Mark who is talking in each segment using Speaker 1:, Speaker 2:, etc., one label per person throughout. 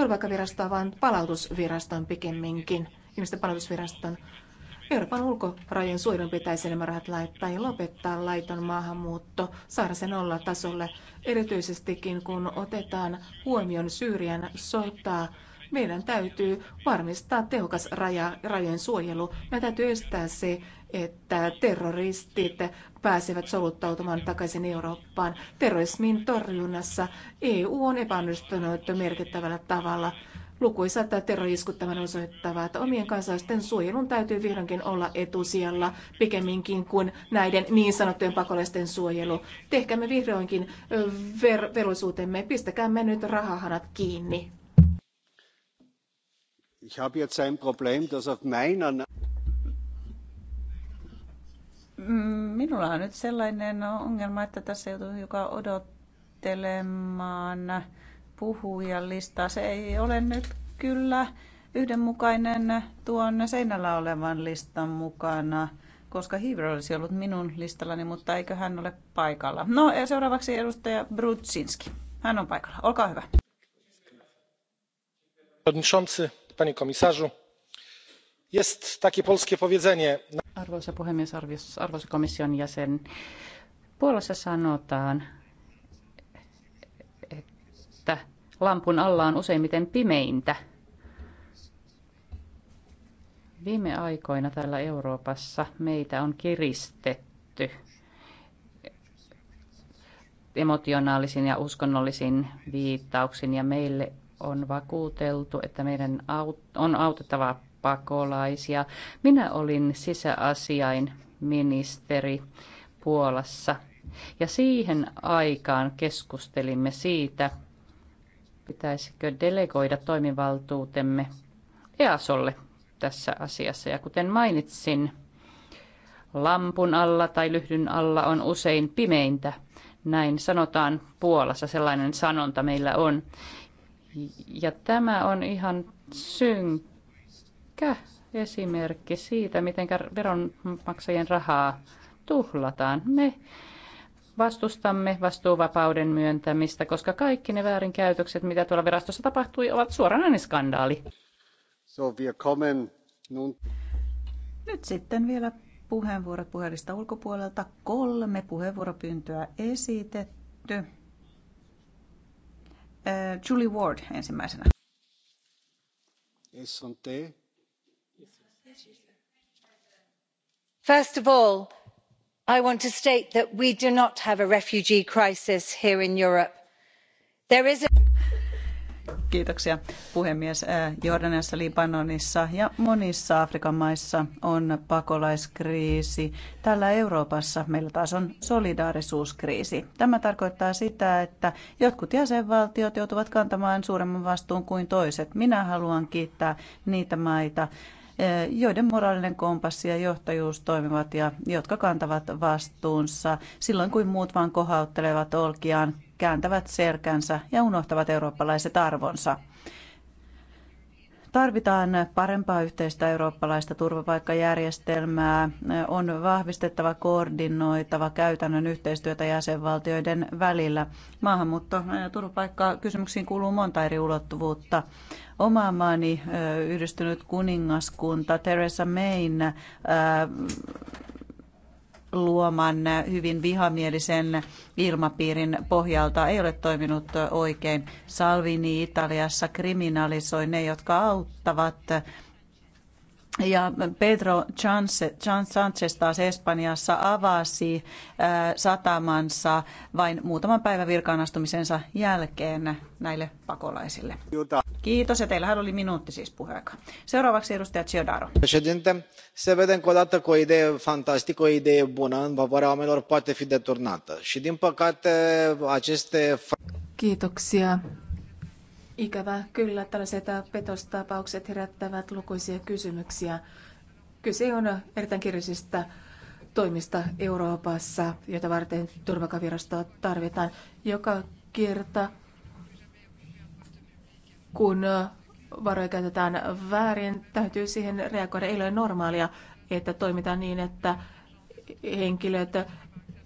Speaker 1: turvapaikkavirastoa, vaan palautusviraston pikemminkin, ihmisten palautusviraston. Euroopan ulkorajojen suojelun pitäisi nämä rahat laittaa ja lopettaa laiton maahanmuutto, saada sen olla tasolle, erityisestikin kun otetaan huomioon Syyrian sotaa. Meidän täytyy varmistaa tehokas raja, rajojen suojelu. Meidän täytyy estää se, että terroristit pääsevät soluttautumaan takaisin Eurooppaan. Terrorismin torjunnassa EU on epäonnistunut merkittävällä tavalla. Lukuisat terroriskut tämän osoittavat. Omien kansalaisten suojelun täytyy vihdoinkin olla etusijalla pikemminkin kuin näiden niin sanottujen pakolaisten suojelu. Tehkäämme vihdoinkin ver- velvollisuutemme. Pistäkäämme nyt rahahanat kiinni.
Speaker 2: Ich habe jetzt ein Problem, das auf meiner
Speaker 3: Mm, minulla on nyt sellainen ongelma, että tässä joutuu joka odottelemaan puhujan listaa. Se ei ole nyt kyllä yhdenmukainen tuon seinällä olevan listan mukana, koska Hiiver olisi ollut minun listallani, mutta eikö hän ole paikalla. No ja seuraavaksi edustaja Brudzinski. Hän on paikalla. Olkaa hyvä.
Speaker 4: Panie komisarzu, jest takie polskie powiedzenie.
Speaker 2: Arvoisa puhemies, arvoisa komission jäsen. Puolassa sanotaan, että lampun alla on useimmiten pimeintä. Viime aikoina täällä Euroopassa meitä on kiristetty emotionaalisin ja uskonnollisin viittauksin ja meille on vakuuteltu, että meidän on autettava pakolaisia. Minä olin sisäasiain ministeri Puolassa ja siihen aikaan keskustelimme siitä, pitäisikö delegoida toimivaltuutemme EASolle tässä asiassa. Ja kuten mainitsin, lampun alla tai lyhdyn alla on usein pimeintä. Näin sanotaan Puolassa, sellainen sanonta meillä on. Ja tämä on ihan syn- Ehkä esimerkki siitä, miten veronmaksajien rahaa tuhlataan. Me vastustamme vastuuvapauden myöntämistä, koska kaikki ne väärinkäytökset, mitä tuolla virastossa tapahtui, ovat suoranainen skandaali.
Speaker 3: So, wir kommen nun... Nyt sitten vielä puheenvuorot puhelista ulkopuolelta. Kolme puheenvuoropyyntöä esitetty. Äh, Julie Ward ensimmäisenä
Speaker 5: first of all i want to state that we do not have a refugee crisis here in europe. there is a. Kiitoksia
Speaker 3: puhemies. Äh, Jordaniassa, Libanonissa ja monissa Afrikan maissa on pakolaiskriisi. Täällä Euroopassa meillä taas on solidaarisuuskriisi. Tämä tarkoittaa sitä, että jotkut jäsenvaltiot joutuvat kantamaan suuremman vastuun kuin toiset. Minä haluan kiittää niitä maita, Eh, joiden moraalinen kompassi ja johtajuus toimivat ja jotka kantavat vastuunsa silloin, kuin muut vain kohauttelevat olkiaan, kääntävät selkänsä ja unohtavat eurooppalaiset arvonsa. Tarvitaan parempaa yhteistä eurooppalaista turvapaikkajärjestelmää, on vahvistettava, koordinoitava käytännön yhteistyötä jäsenvaltioiden välillä. Maahanmuutto- ja turvapaikkakysymyksiin kuuluu monta eri ulottuvuutta. Oma maani yhdistynyt kuningaskunta Theresa Mayn luoman hyvin vihamielisen ilmapiirin pohjalta ei ole toiminut oikein. Salvini Italiassa kriminalisoi ne, jotka auttavat ja Pedro Sanchez taas Espanjassa avasi satamansa vain muutaman päivän virkaanastumisensa jälkeen näille pakolaisille. Juta. Kiitos ja teillähän oli minuutti siis puheaika. Seuraavaksi edustaja Ciodaro.
Speaker 4: Președinte, se vede încă o
Speaker 1: dată că o idee fantastică, o idee bună în favoarea oamenilor poate fi deturnată. Și din păcate aceste... Kiitoksia Ikävä kyllä tällaiset petostapaukset herättävät lukuisia kysymyksiä. Kyse on erittäin kirjallisista toimista Euroopassa, joita varten turvakavirastoa tarvitaan joka kerta, kun varoja käytetään väärin, täytyy siihen reagoida. Ei ole normaalia, että toimitaan niin, että henkilöt,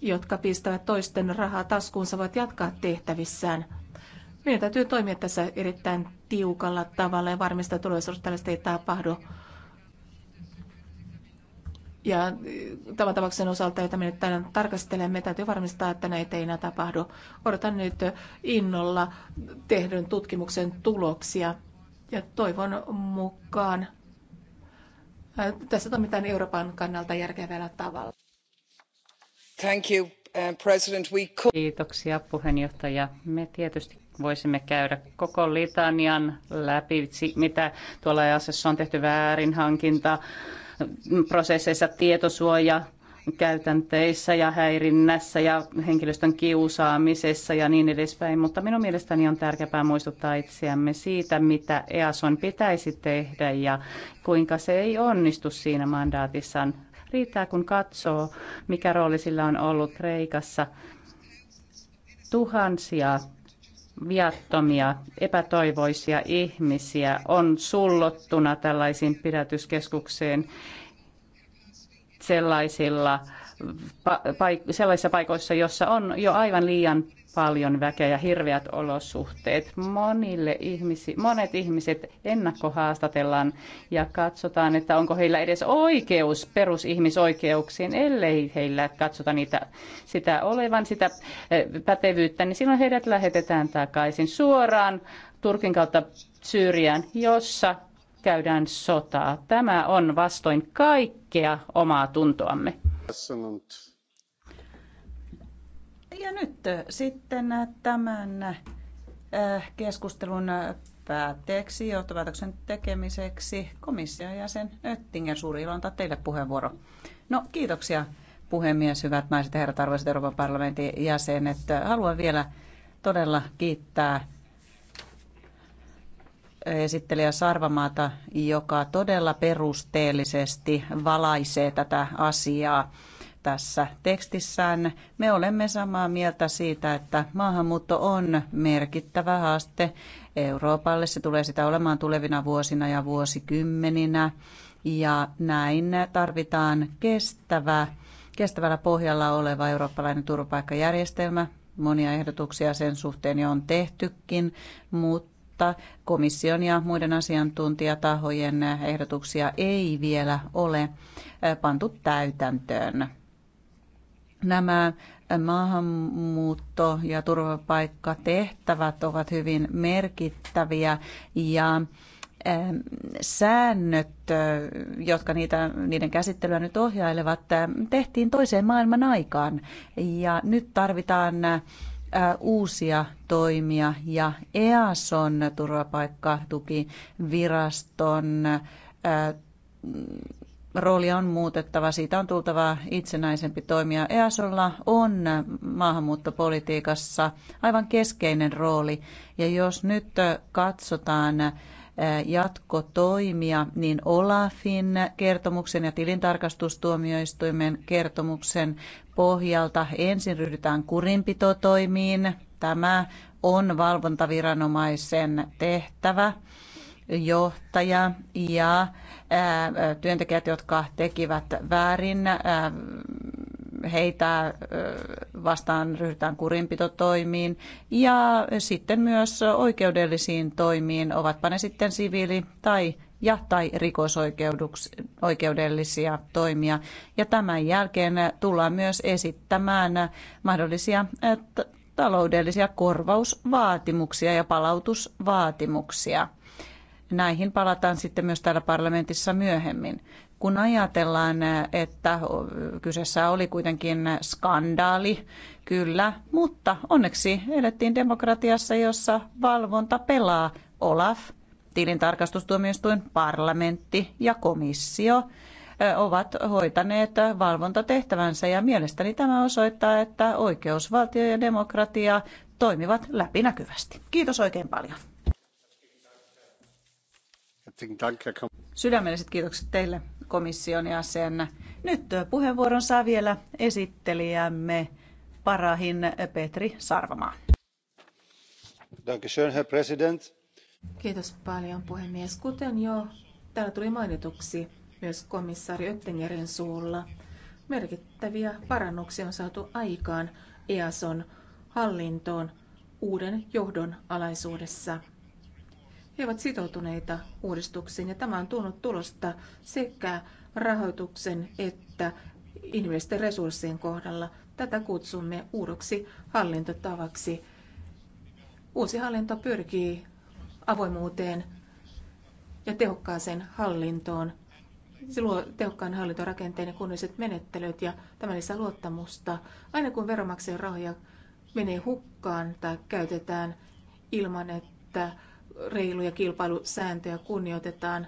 Speaker 1: jotka pistävät toisten rahaa taskuunsa, voivat jatkaa tehtävissään. Meidän täytyy toimia tässä erittäin tiukalla tavalla ja varmistaa tulevaisuudessa tällaista ei tapahdu. Ja eh, tavatavaksen osalta, jota me nyt tänään tarkastelemme, täytyy varmistaa, että näitä ei enää tapahdu. Odotan nyt innolla tehdyn tutkimuksen tuloksia ja toivon mukaan eh, tässä toimitaan Euroopan kannalta järkevällä tavalla.
Speaker 4: Thank you, eh, President. We could...
Speaker 2: Kiitoksia puheenjohtaja. Me tietysti voisimme käydä koko litanian läpi, mitä tuolla ajassa on tehty väärin hankinta, prosesseissa tietosuoja, käytänteissä ja häirinnässä ja henkilöstön kiusaamisessa ja niin edespäin, mutta minun mielestäni on tärkeää muistuttaa itseämme siitä, mitä EASON pitäisi tehdä ja kuinka se ei onnistu siinä mandaatissaan. Riittää, kun katsoo, mikä rooli sillä on ollut Kreikassa tuhansia viattomia, epätoivoisia ihmisiä on sullottuna tällaisiin pidätyskeskukseen sellaisilla sellaisissa paikoissa, joissa on jo aivan liian paljon väkeä ja hirveät olosuhteet. Monille ihmisi, monet ihmiset ennakkohaastatellaan ja katsotaan, että onko heillä edes oikeus perusihmisoikeuksiin, ellei heillä katsota niitä, sitä olevan, sitä eh, pätevyyttä, niin silloin heidät lähetetään takaisin suoraan Turkin kautta Syyriään, jossa käydään sotaa. Tämä on vastoin kaikkea omaa tuntoamme.
Speaker 3: Ja nyt äh, sitten äh, tämän äh, keskustelun päätteeksi johtopäätöksen tekemiseksi komission jäsen Öttingen. Suuri ilo antaa teille puheenvuoro. No kiitoksia puhemies, hyvät naiset ja herrat, arvoisat Euroopan parlamentin jäsenet. Haluan vielä todella kiittää esittelijä Sarvamaata, joka todella perusteellisesti valaisee tätä asiaa tässä tekstissään. Me olemme samaa mieltä siitä, että maahanmuutto on merkittävä haaste Euroopalle. Se tulee sitä olemaan tulevina vuosina ja vuosikymmeninä. Ja näin tarvitaan kestävä, kestävällä pohjalla oleva eurooppalainen turvapaikkajärjestelmä. Monia ehdotuksia sen suhteen jo on tehtykin, mutta mutta komission ja muiden asiantuntijatahojen ehdotuksia ei vielä ole pantu täytäntöön. Nämä maahanmuutto- ja turvapaikkatehtävät ovat hyvin merkittäviä ja säännöt, jotka niitä, niiden käsittelyä nyt ohjailevat, tehtiin toiseen maailman aikaan. Ja nyt tarvitaan uusia toimia ja EASON turvapaikkatukiviraston roolia on muutettava, siitä on tultava itsenäisempi toimija. EASOlla on maahanmuuttopolitiikassa aivan keskeinen rooli ja jos nyt katsotaan jatkotoimia, niin Olafin kertomuksen ja tilintarkastustuomioistuimen kertomuksen pohjalta ensin ryhdytään kurinpitotoimiin. Tämä on valvontaviranomaisen tehtävä johtaja ja työntekijät, jotka tekivät väärin heitä vastaan ryhdytään kurinpitotoimiin ja sitten myös oikeudellisiin toimiin, ovatpa ne sitten siviili- tai ja tai rikosoikeudellisia toimia. Ja tämän jälkeen tullaan myös esittämään mahdollisia taloudellisia korvausvaatimuksia ja palautusvaatimuksia. Näihin palataan sitten myös täällä parlamentissa myöhemmin kun ajatellaan, että kyseessä oli kuitenkin skandaali, kyllä, mutta onneksi elettiin demokratiassa, jossa valvonta pelaa Olaf, tilintarkastustuomioistuin, parlamentti ja komissio ovat hoitaneet valvontatehtävänsä ja mielestäni tämä osoittaa, että oikeusvaltio ja demokratia toimivat läpinäkyvästi. Kiitos oikein paljon. Sydämelliset kiitokset teille komission jäsenä. Nyt puheenvuoron saa vielä esittelijämme Parahin Petri Sarvamaa. Kiitos paljon
Speaker 1: puhemies. Kuten jo täällä tuli mainituksi myös komissaari Öttingerin suulla, merkittäviä parannuksia on saatu aikaan EASON hallintoon uuden johdon alaisuudessa – he ovat sitoutuneita uudistuksiin ja tämä on tuonut tulosta sekä rahoituksen että inhimillisten resurssien kohdalla. Tätä kutsumme uudeksi hallintotavaksi. Uusi hallinto pyrkii avoimuuteen ja tehokkaaseen hallintoon. Se luo tehokkaan hallintorakenteen ja kunnolliset menettelyt ja tämä lisää luottamusta. Aina kun veronmaksajien rahoja menee hukkaan tai käytetään ilman, että reiluja kilpailusääntöjä kunnioitetaan.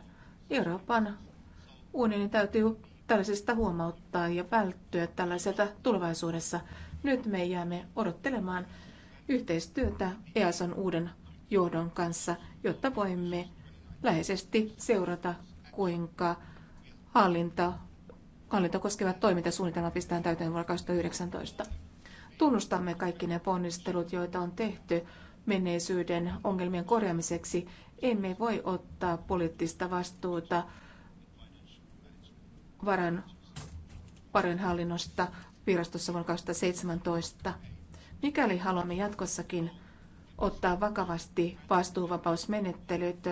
Speaker 1: Euroopan unionin täytyy tällaisesta huomauttaa ja välttyä tällaiselta tulevaisuudessa. Nyt me jäämme odottelemaan yhteistyötä EASan uuden johdon kanssa, jotta voimme läheisesti seurata, kuinka hallinta, hallinta koskevat toimintasuunnitelmat pistetään täyteen vuonna 2019. Tunnustamme kaikki ne ponnistelut, joita on tehty menneisyyden ongelmien korjaamiseksi. Emme voi ottaa poliittista vastuuta varan virastossa vuonna 2017. Mikäli haluamme jatkossakin ottaa vakavasti vastuuvapausmenettelyt,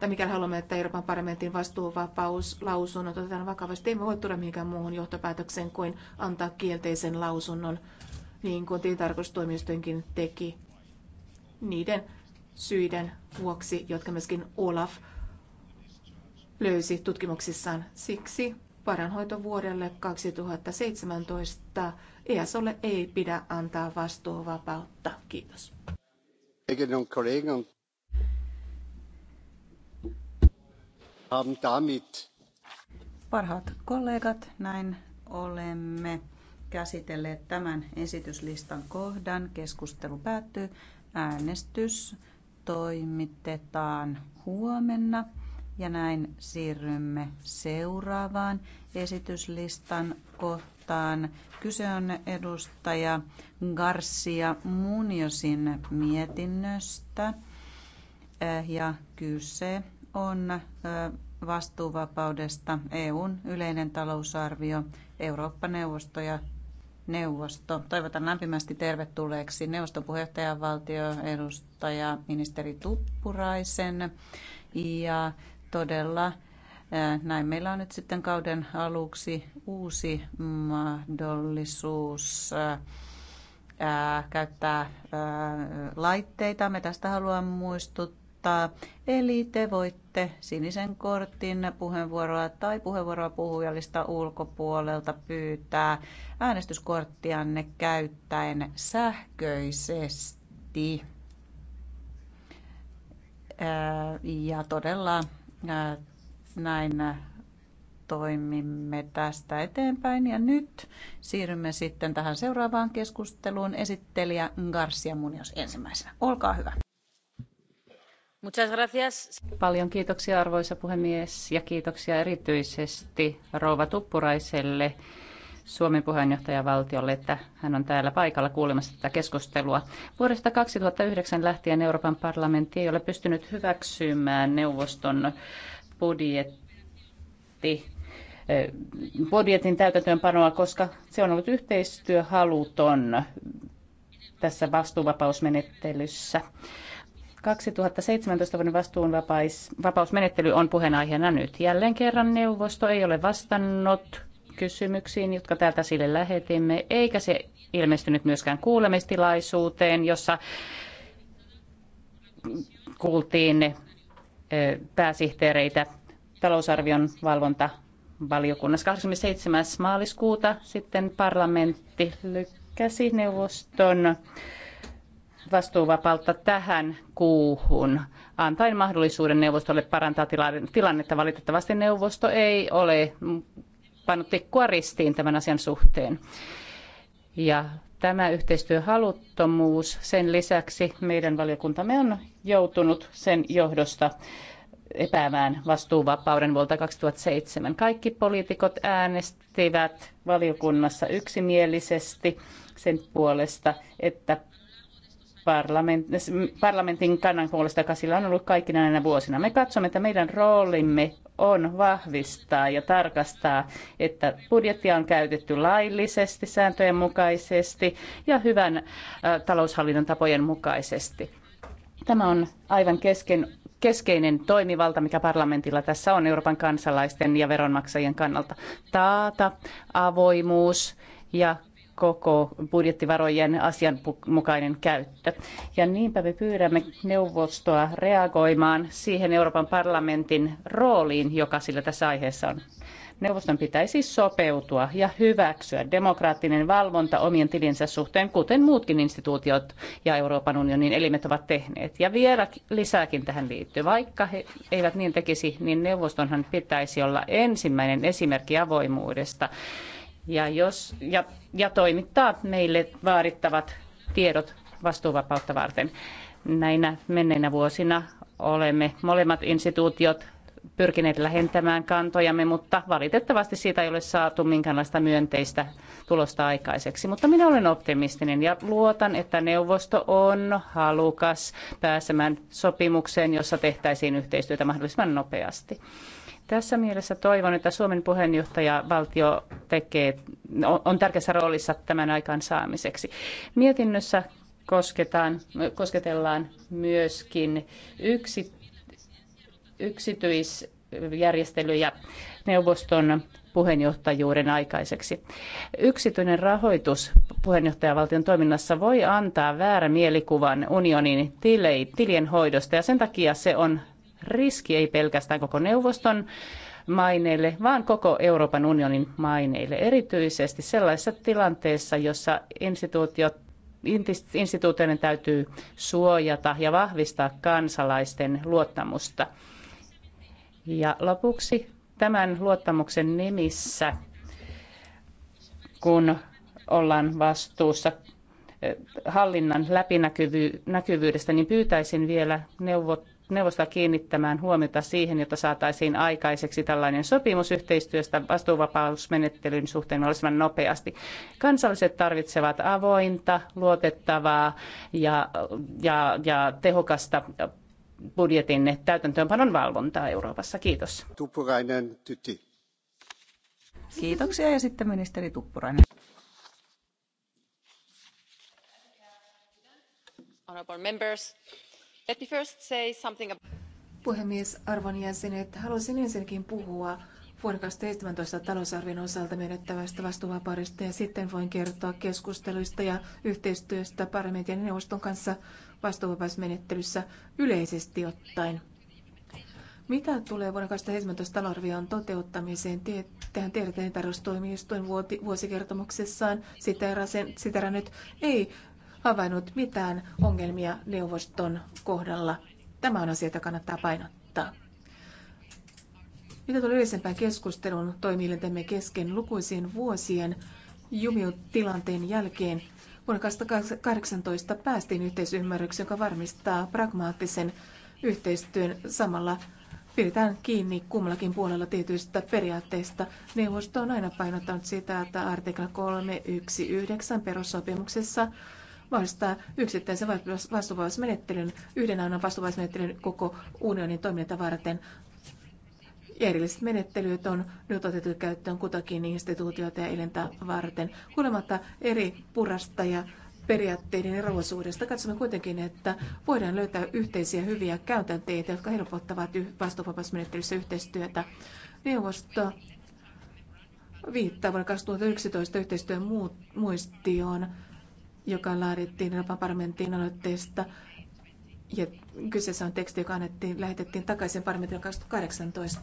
Speaker 1: tai mikäli haluamme, että Euroopan parlamentin vastuuvapauslausunnot otetaan vakavasti, emme voi tulla mihinkään muuhun johtopäätökseen kuin antaa kielteisen lausunnon, niin kuin tilintarkastustoimistoinkin teki niiden syiden vuoksi, jotka myöskin Olaf löysi tutkimuksissaan. Siksi varanhoitovuodelle 2017 ESOlle ei pidä antaa
Speaker 3: vastuuvapautta. Kiitos. Parhaat kollegat, näin olemme käsitelleet tämän esityslistan kohdan. Keskustelu päättyy. Äänestys toimitetaan huomenna ja näin siirrymme seuraavaan esityslistan kohtaan. Kyse on edustaja Garcia Muniosin mietinnöstä eh, ja kyse on eh, vastuuvapaudesta EUn yleinen talousarvio, Eurooppa-neuvosto ja neuvosto. Toivotan lämpimästi tervetulleeksi neuvoston puheenjohtajan valtioedustaja ministeri Tuppuraisen. Ja todella eh, näin meillä on nyt sitten kauden aluksi uusi mahdollisuus eh, eh, käyttää laitteita. Me tästä haluan muistuttaa ottaa. Eli te voitte sinisen kortin puheenvuoroa tai puheenvuoroa puhujalista ulkopuolelta pyytää äänestyskorttianne käyttäen sähköisesti. Ja todella näin toimimme tästä eteenpäin. Ja nyt siirrymme sitten tähän seuraavaan keskusteluun. Esittelijä Garcia Munios ensimmäisenä. Olkaa hyvä.
Speaker 2: Paljon kiitoksia arvoisa puhemies ja kiitoksia erityisesti rouva Tuppuraiselle Suomen puheenjohtajavaltiolle, että hän on täällä paikalla kuulemassa tätä keskustelua. Vuodesta 2009 lähtien Euroopan parlamentti ei ole pystynyt hyväksymään neuvoston budjetti eh, budjetin täytäntöönpanoa, koska se on ollut yhteistyöhaluton tässä vastuuvapausmenettelyssä. 2017 vuoden vastuunvapausmenettely on puheenaiheena nyt. Jälleen kerran neuvosto ei ole vastannut kysymyksiin, jotka täältä sille lähetimme, eikä se ilmestynyt myöskään kuulemistilaisuuteen, jossa kuultiin pääsihteereitä talousarvion valvonta valiokunnassa 27. maaliskuuta sitten parlamentti lykkäsi neuvoston vastuuvapautta tähän kuuhun, antaen mahdollisuuden neuvostolle parantaa tilannetta. Valitettavasti neuvosto ei ole pannut tikkua ristiin tämän asian suhteen. Ja tämä yhteistyöhaluttomuus, sen lisäksi meidän valiokuntamme on joutunut sen johdosta epäämään vastuuvapauden vuodelta 2007. Kaikki poliitikot äänestivät valiokunnassa yksimielisesti sen puolesta, että parlamentin kannan puolesta, joka sillä on ollut kaikkina näinä vuosina. Me katsomme, että meidän roolimme on vahvistaa ja tarkastaa, että budjettia on käytetty laillisesti, sääntöjen mukaisesti ja hyvän taloushallinnon tapojen mukaisesti. Tämä on aivan kesken, keskeinen toimivalta, mikä parlamentilla tässä on Euroopan kansalaisten ja veronmaksajien kannalta. Taata avoimuus ja koko budjettivarojen asianmukainen käyttö. Ja niinpä me pyydämme neuvostoa reagoimaan siihen Euroopan parlamentin rooliin, joka sillä tässä aiheessa on. Neuvoston pitäisi sopeutua ja hyväksyä demokraattinen valvonta omien tilinsä suhteen, kuten muutkin instituutiot ja Euroopan unionin elimet ovat tehneet. Ja vielä lisääkin tähän liittyy. Vaikka he eivät niin tekisi, niin neuvostonhan pitäisi olla ensimmäinen esimerkki avoimuudesta ja, jos, ja, ja toimittaa meille vaadittavat tiedot vastuuvapautta varten. Näinä menneinä vuosina olemme molemmat instituutiot pyrkineet lähentämään kantojamme, mutta valitettavasti siitä ei ole saatu minkäänlaista myönteistä tulosta aikaiseksi. Mutta minä olen optimistinen ja luotan, että neuvosto on halukas pääsemään sopimukseen, jossa tehtäisiin yhteistyötä mahdollisimman nopeasti. Tässä mielessä toivon, että Suomen puheenjohtajavaltio tekee, on tärkeässä roolissa tämän aikaan saamiseksi. Mietinnössä kosketaan, kosketellaan myöskin yksi, yksityisjärjestelyjä neuvoston puheenjohtajuuden aikaiseksi. Yksityinen rahoitus puheenjohtajavaltion toiminnassa voi antaa väärän mielikuvan unionin tilien hoidosta ja sen takia se on riski ei pelkästään koko neuvoston maineille, vaan koko Euroopan unionin maineille, erityisesti sellaisessa tilanteessa, jossa instituutiot instituutioiden täytyy suojata ja vahvistaa kansalaisten luottamusta. Ja lopuksi tämän luottamuksen nimissä, kun ollaan vastuussa eh, hallinnan läpinäkyvyydestä, niin pyytäisin vielä neuvot neuvostoa kiinnittämään huomiota siihen, jotta saataisiin aikaiseksi tällainen sopimus yhteistyöstä vastuuvapausmenettelyn suhteen mahdollisimman nopeasti. Kansalliset tarvitsevat avointa, luotettavaa ja, ja, ja tehokasta budjetin täytäntöönpanon valvontaa Euroopassa. Kiitos. Tuppurainen tyti. Kiitoksia
Speaker 3: ja sitten ministeri Tuppurainen.
Speaker 2: Honorable members,
Speaker 1: Puhemies, arvon jäsenet, haluaisin ensinnäkin puhua vuoden 2017 talousarvion osalta myönnettävästä vastuuvapaudesta ja sitten voin kertoa keskusteluista ja yhteistyöstä parlamentin ja neuvoston kanssa vastuuvapausmenettelyssä yleisesti ottaen. Mitä tulee vuoden 2017 talousarvion toteuttamiseen, tähän tiedetään perustoimistoin vuosikertomuksessaan, sitä, sitä nyt ei havainnut mitään ongelmia neuvoston kohdalla. Tämä on asia, jota kannattaa painottaa. Mitä tulee yleisempään keskustelun toimielintemme kesken lukuisien vuosien jumiotilanteen jälkeen, vuonna 2018 päästiin yhteisymmärryksi, joka varmistaa pragmaattisen yhteistyön samalla pidetään kiinni kummallakin puolella tietyistä periaatteista. Neuvosto on aina painottanut sitä, että artikla 319 perussopimuksessa mahdollistaa yksittäisen vastuuvaismenettelyn, yhden ainoan vastuuvaismenettelyn koko unionin toiminta varten. Erilliset menettelyt on nyt otettu käyttöön kutakin instituutioita ja elintä varten. Kuulematta eri purasta ja periaatteiden eroisuudesta katsomme kuitenkin, että voidaan löytää yhteisiä hyviä käytänteitä, jotka helpottavat vastuuvapausmenettelyssä yhteistyötä. Neuvosto viittaa vuonna 2011 yhteistyön muistioon joka laadittiin Euroopan parlamentin aloitteesta. Ja kyseessä on teksti, joka annettiin, lähetettiin takaisin parlamentin 2018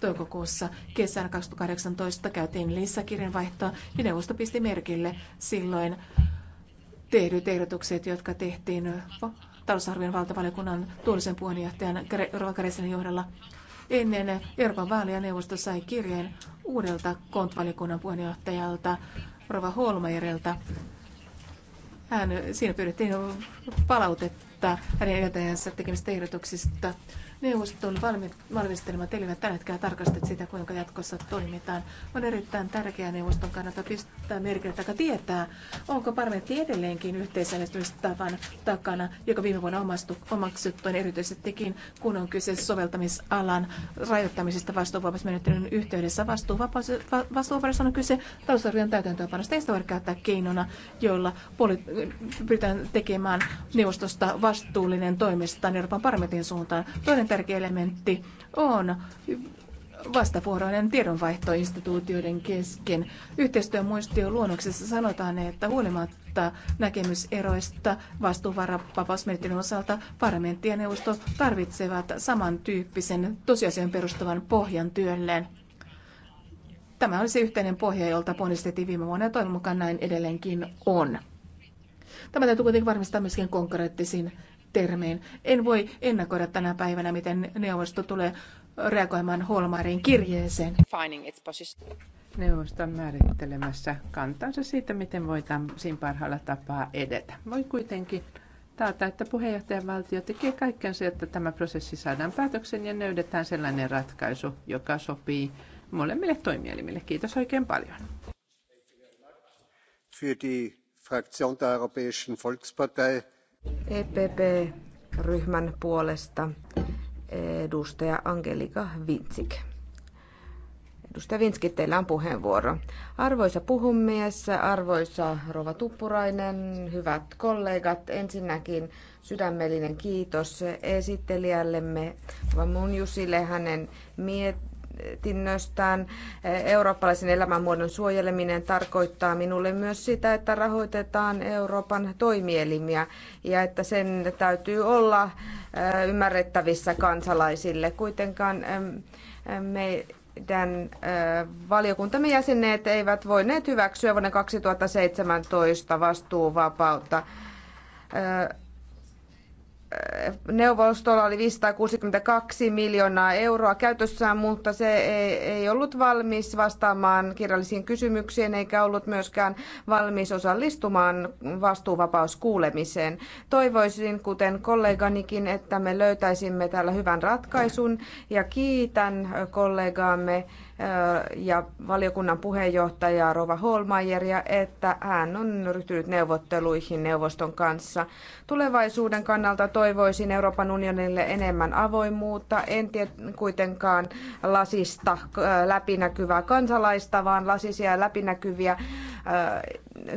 Speaker 1: toukokuussa. Kesän 2018 käytiin lisäkirjanvaihtoa ja neuvosto pisti merkille silloin tehdyt ehdotukset, jotka tehtiin talousarvion valtavaliokunnan tuolisen puheenjohtajan Rova Karesin johdolla. Ennen Euroopan vaalia neuvosto sai kirjeen uudelta kontvaliokunnan puheenjohtajalta Rova Holmeerilta hän, siinä pyydettiin palautetta tietoisuutta hänen edeltäjänsä tekemistä ehdotuksista. Neuvoston valmistelemat elimet tällä hetkellä tarkastavat sitä, kuinka jatkossa toimitaan. On erittäin tärkeää neuvoston kannalta pistää merkille tai tietää, onko parlamentti edelleenkin yhteisöllistymistavan takana, joka viime vuonna omaksuttuin erityisestikin, kun on kyse soveltamisalan rajoittamisesta vastuuvapausmenettelyn yhteydessä. va, on kyse talousarvion täytäntöönpanosta. Ei sitä voi käyttää keinona, jolla pyritään tekemään neuvostosta vastuullinen toimista Euroopan parlamentin suuntaan. Toinen tärkeä elementti on vastavuoroinen tiedonvaihto instituutioiden kesken. Yhteistyömuistion luonnoksessa sanotaan, että huolimatta näkemyseroista vastuuvarapapausmenettelyn osalta parlamentti ja neuvosto tarvitsevat samantyyppisen tosiasian perustuvan pohjan työlleen. Tämä olisi yhteinen pohja, jolta ponnistettiin viime vuonna ja toivon mukaan näin edelleenkin on. Tämä täytyy kuitenkin varmistaa myöskin konkreettisiin termein. En voi ennakoida tänä päivänä, miten neuvosto
Speaker 6: tulee reagoimaan Holmarin kirjeeseen. Neuvosto on määrittelemässä kantansa siitä, miten voitaisiin parhaalla tapaa edetä. Voi kuitenkin taata, että puheenjohtajavaltio tekee kaikkensa, että tämä prosessi saadaan päätöksen ja löydetään sellainen ratkaisu, joka sopii molemmille toimielimille. Kiitos oikein paljon
Speaker 2: fraktion der Europäischen Volkspartei.
Speaker 4: EPP-ryhmän puolesta edustaja Angelika Vintsik. Edustaja Vinski, teillä on puheenvuoro. Arvoisa puhumies, arvoisa Rova Tuppurainen, hyvät kollegat, ensinnäkin sydämellinen kiitos esittelijällemme Vamunjusille hänen miet- mietinnöstään. Eurooppalaisen elämänmuodon suojeleminen tarkoittaa minulle myös sitä, että rahoitetaan Euroopan toimielimiä ja että sen täytyy olla eh, ymmärrettävissä kansalaisille. Kuitenkaan meidän eh, valiokuntamme jäsenet eivät voineet hyväksyä vuonna 2017 vastuuvapautta neuvostolla oli 562 miljoonaa euroa käytössään, mutta se ei, ei ollut valmis vastaamaan kirjallisiin kysymyksiin eikä ollut myöskään valmis osallistumaan vastuuvapauskuulemiseen. Toivoisin, kuten kolleganikin, että me löytäisimme täällä hyvän ratkaisun ja kiitän kollegaamme ja valiokunnan puheenjohtaja Rova Holmajeria, että hän on ryhtynyt neuvotteluihin neuvoston kanssa. Tulevaisuuden kannalta toivoisin Euroopan unionille enemmän avoimuutta, en kuitenkaan lasista läpinäkyvää kansalaista, vaan lasisia läpinäkyviä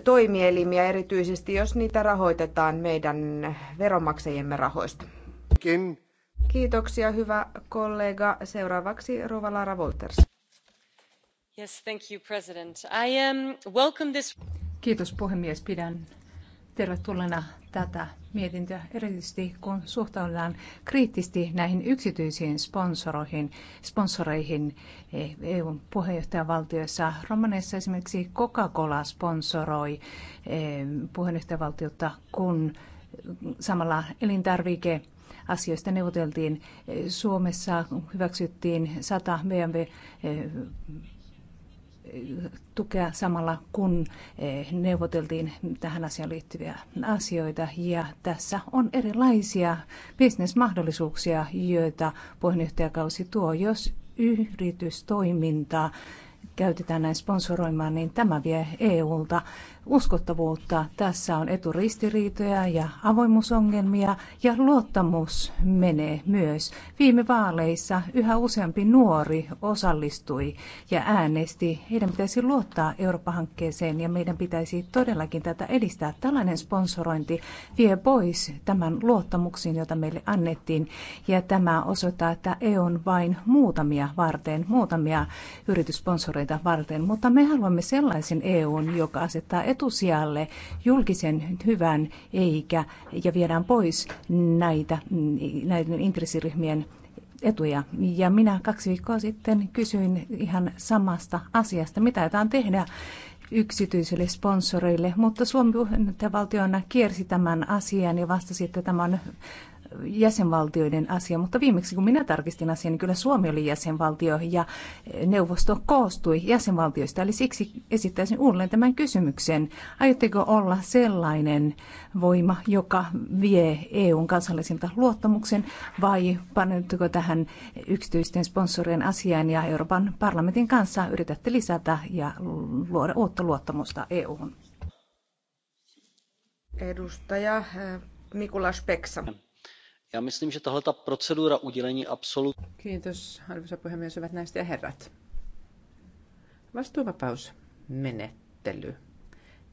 Speaker 4: toimielimiä, erityisesti jos niitä rahoitetaan meidän veronmaksajiemme rahoista. Kiitoksia, hyvä kollega. Seuraavaksi Rova Lara Wolters
Speaker 2: Um,
Speaker 5: Kiitos puhemies. Pidän tervetulleena tätä mietintöä, erityisesti kun suhtaudutaan kriittisesti näihin yksityisiin sponsoroihin, sponsoreihin eh, EUn puheenjohtajavaltioissa. Romaneissa esimerkiksi Coca-Cola sponsoroi eh, puheenjohtajavaltiota, kun samalla elintarvike asioista neuvoteltiin. Suomessa hyväksyttiin 100 BMW eh, tukea samalla, kun eh, neuvoteltiin tähän asiaan liittyviä asioita. Ja tässä on erilaisia bisnesmahdollisuuksia, joita puheenjohtajakausi tuo, jos yritystoimintaa käytetään näin sponsoroimaan, niin tämä vie EUlta uskottavuutta. Tässä on eturistiriitoja ja avoimuusongelmia ja luottamus menee myös. Viime vaaleissa yhä useampi nuori osallistui ja äänesti. Heidän pitäisi luottaa Eurooppa-hankkeeseen ja meidän pitäisi todellakin tätä edistää. Tällainen sponsorointi vie pois tämän luottamuksen, jota meille annettiin ja tämä osoittaa, että EU on vain muutamia varten, muutamia yrityssponsoreita varten, mutta me haluamme sellaisen EUn, joka asettaa etusijalle julkisen hyvän eikä, ja viedään pois näitä, näiden intressiryhmien etuja. Ja minä kaksi viikkoa sitten kysyin ihan samasta asiasta, mitä jotain tehdä yksityisille sponsoreille, mutta Suomi valtiona kiersi tämän asian ja vastasi, että tämä on jäsenvaltioiden asia, mutta viimeksi kun minä tarkistin asian, niin kyllä Suomi oli jäsenvaltio ja neuvosto koostui jäsenvaltioista. Eli siksi esittäisin uudelleen tämän kysymyksen. Aiotteko olla sellainen voima, joka vie EUn kansallisilta luottamuksen vai panetteko tähän yksityisten sponsorien asiaan ja Euroopan parlamentin kanssa yritätte lisätä ja
Speaker 4: luoda uutta luottamusta EUhun? Edustaja eh,
Speaker 2: Mikulas Peksa. Ja myslím, že tahle procedura udělení absolut...
Speaker 6: Kiitos, arvoisa puhemies, hyvät naiset ja herrat. Vastuuvapausmenettely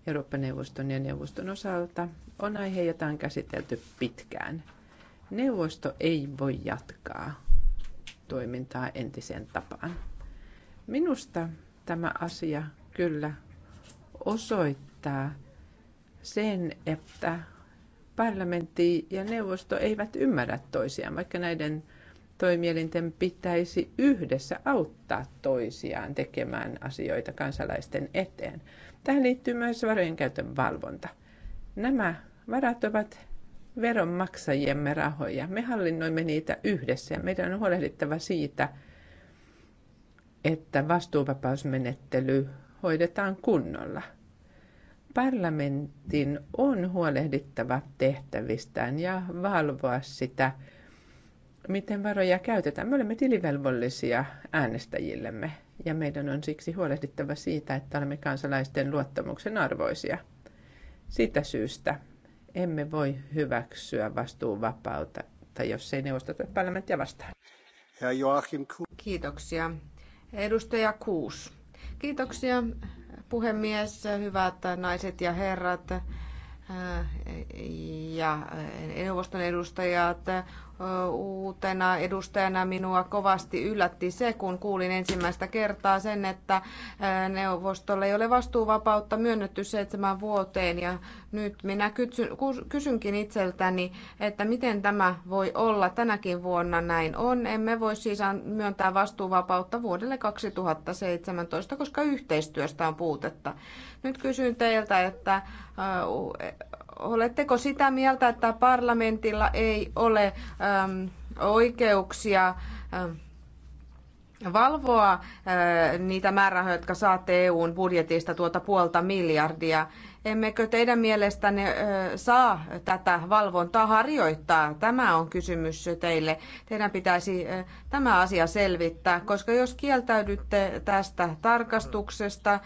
Speaker 6: Euroopan neuvoston ja neuvoston osalta on aihe, jota on käsitelty pitkään. Neuvosto ei voi jatkaa toimintaa entiseen tapaan. Minusta tämä asia kyllä osoittaa sen, että parlamentti ja neuvosto eivät ymmärrä toisiaan, vaikka näiden toimielinten pitäisi yhdessä auttaa toisiaan tekemään asioita kansalaisten eteen. Tähän liittyy myös varojen käytön valvonta. Nämä varat ovat veronmaksajiemme rahoja. Me hallinnoimme niitä yhdessä ja meidän on huolehdittava siitä, että vastuuvapausmenettely hoidetaan kunnolla – Parlamentin on huolehdittava tehtävistään ja valvoa sitä, miten varoja käytetään. Me olemme tilivelvollisia äänestäjillemme ja meidän on siksi huolehdittava siitä, että olemme kansalaisten luottamuksen arvoisia. Siitä syystä emme voi hyväksyä vastuuvapautta, tai jos ei neuvosto tai parlamenttia vastaan.
Speaker 4: Kiitoksia. Edustaja Kuus. Kiitoksia puhemies, hyvät naiset ja herrat ja neuvoston edustajat uutena edustajana minua kovasti yllätti se, kun kuulin ensimmäistä kertaa sen, että neuvostolle ei ole vastuuvapautta myönnetty seitsemän vuoteen. Ja nyt minä kysynkin itseltäni, että miten tämä voi olla tänäkin vuonna näin on. Emme voi siis myöntää vastuuvapautta vuodelle 2017, koska yhteistyöstä on puutetta. Nyt kysyn teiltä, että Oletteko sitä mieltä, että parlamentilla ei ole äm, oikeuksia äm, valvoa ää, niitä määrärahoja, jotka saatte EUn budjetista tuota puolta miljardia. Emmekö teidän mielestänne saa tätä valvontaa harjoittaa? Tämä on kysymys teille. Teidän pitäisi tämä asia selvittää, koska jos kieltäydytte tästä tarkastuksesta,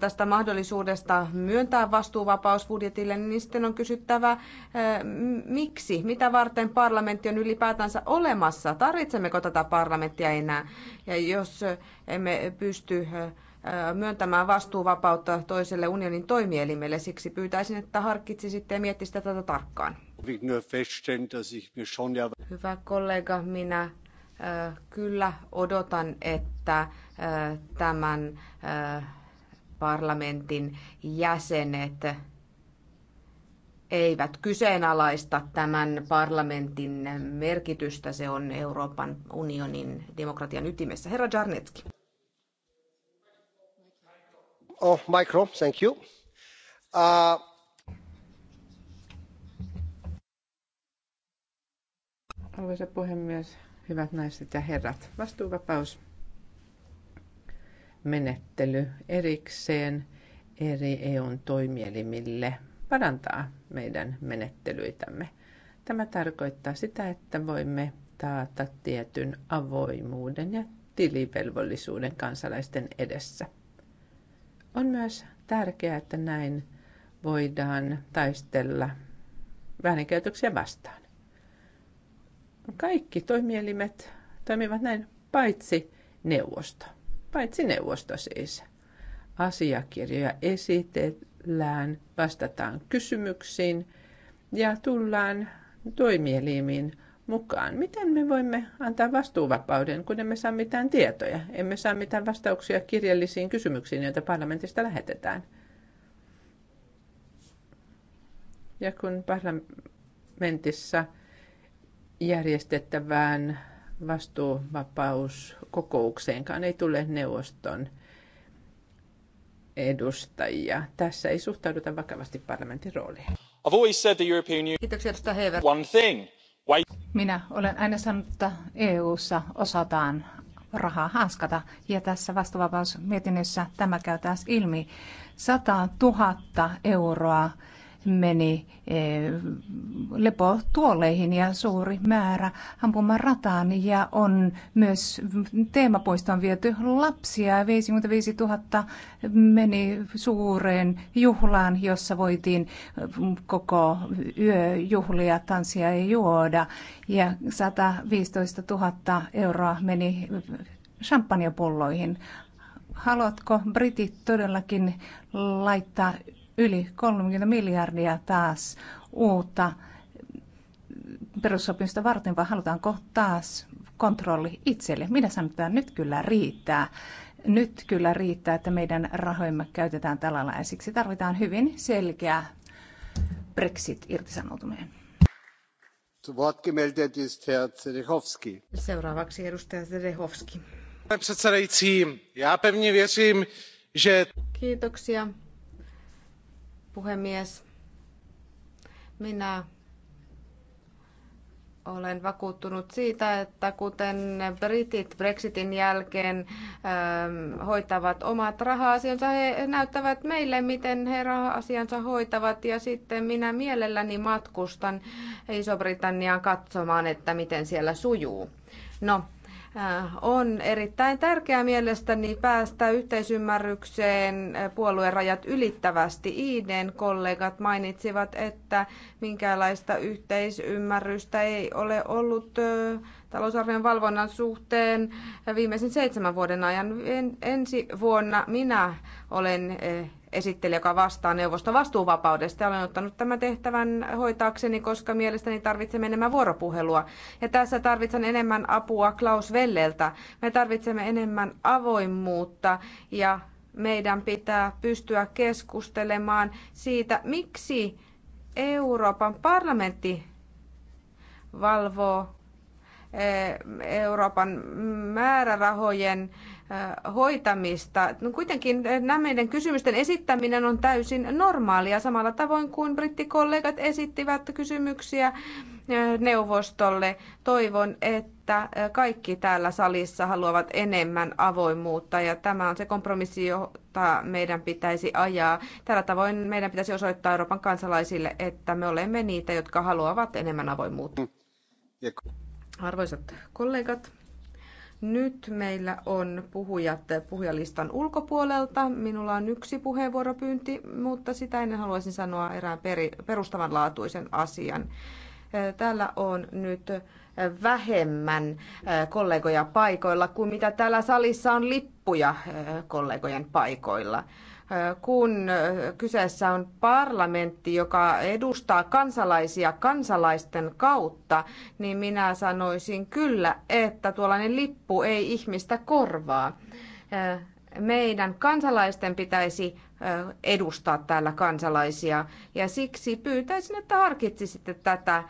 Speaker 4: tästä mahdollisuudesta myöntää vastuuvapaus budjetille, niin sitten on kysyttävä, miksi, mitä varten parlamentti on ylipäätänsä olemassa, tarvitsemmeko tätä parlamenttia enää, ja jos emme pysty myöntämään vastuuvapautta toiselle unionin toimielimelle. Siksi pyytäisin, että harkitsisitte ja miettisitte tätä tarkkaan. Hyvä kollega, minä kyllä odotan, että tämän parlamentin jäsenet eivät kyseenalaista tämän parlamentin merkitystä. Se on Euroopan unionin demokratian ytimessä. Herra Jarnetski. Oh, uh,
Speaker 6: arvoisa puhemies hyvät naiset ja herrat vastuuvapausmenettely erikseen eri e n toimielimille parantaa meidän menettelyitämme. Tämä tarkoittaa sitä, että voimme taata tietyn avoimuuden ja tilivelvollisuuden kansalaisten edessä. On myös tärkeää, että näin voidaan taistella väärinkäytöksiä vastaan. Kaikki toimielimet toimivat näin, paitsi neuvosto. Paitsi neuvosto siis. Asiakirjoja esitellään, vastataan kysymyksiin ja tullaan toimielimiin mukaan. Miten me voimme antaa vastuuvapauden, kun emme saa mitään tietoja, emme saa mitään vastauksia kirjallisiin kysymyksiin, joita parlamentista lähetetään? Ja kun parlamentissa järjestettävään vastuuvapauskokoukseenkaan ei tule neuvoston edustajia. Tässä ei suhtauduta vakavasti parlamentin rooliin.
Speaker 4: always said Kiitoksia edustaja Hever. One thing.
Speaker 6: Minä olen aina sanonut, että EU-ssa osataan
Speaker 5: rahaa hanskata. Ja tässä vastuvapausmietinnössä tämä käy taas ilmi. 100 000 euroa meni eh, lepo tuoleihin ja suuri määrä ampumaan rataan ja on myös teemapuistoon viety lapsia. 55 000 meni suureen juhlaan, jossa voitiin koko yö juhlia, tanssia ja juoda ja 115 000 euroa meni champagnepulloihin haluatko britit todellakin laittaa yli 30 miljardia taas uutta perussopimusta varten, vaan halutaanko taas kontrolli itselle. Minä sanon, että nyt kyllä riittää. Nyt kyllä riittää, että meidän rahoimme käytetään tällä lailla. Siksi tarvitaan hyvin selkeä Brexit-irtisanoutuminen.
Speaker 4: Seuraavaksi edustaja Zdehovski.
Speaker 2: Pane předsedající, já pevně věřím, že...
Speaker 4: Kiitoksia, puhemies. Minä olen vakuuttunut siitä, että kuten britit Brexitin jälkeen ähm, hoitavat omat raha-asiansa, he näyttävät meille, miten he raha-asiansa hoitavat. Ja sitten minä mielelläni matkustan Iso-Britanniaan katsomaan, että miten siellä sujuu. No, Äh, on erittäin tärkeää mielestäni päästä yhteisymmärrykseen äh, puolueen rajat ylittävästi. Iiden kollegat mainitsivat, että minkäänlaista yhteisymmärrystä ei ole ollut äh, talousarvion valvonnan suhteen viimeisen seitsemän vuoden ajan. Ensi vuonna minä olen esittelijä, joka vastaa neuvoston vastuuvapaudesta. Olen ottanut tämän tehtävän hoitaakseni, koska mielestäni tarvitsemme enemmän vuoropuhelua. Ja tässä tarvitsen enemmän apua Klaus Velleltä. Me tarvitsemme enemmän avoimuutta ja meidän pitää pystyä keskustelemaan siitä, miksi Euroopan parlamentti valvoo eh, Euroopan määrärahojen hoitamista. No kuitenkin meidän kysymysten esittäminen on täysin normaalia samalla tavoin kuin brittikollegat esittivät kysymyksiä neuvostolle. Toivon, että kaikki täällä salissa haluavat enemmän avoimuutta ja tämä on se kompromissi, jota meidän pitäisi ajaa. Tällä tavoin meidän pitäisi osoittaa Euroopan kansalaisille, että me olemme niitä, jotka haluavat enemmän avoimuutta. Arvoisat kollegat, nyt meillä on puhujat puhujalistan ulkopuolelta. Minulla on yksi puheenvuoropyynti, mutta sitä ennen haluaisin sanoa erään peri, perustavanlaatuisen asian. Täällä on nyt vähemmän kollegoja paikoilla kuin mitä täällä salissa on lippuja kollegojen paikoilla kun kyseessä on parlamentti, joka edustaa kansalaisia kansalaisten kautta, niin minä sanoisin kyllä, että tuollainen lippu ei ihmistä korvaa. Meidän kansalaisten pitäisi edustaa täällä kansalaisia ja siksi pyytäisin, että harkitsisitte tätä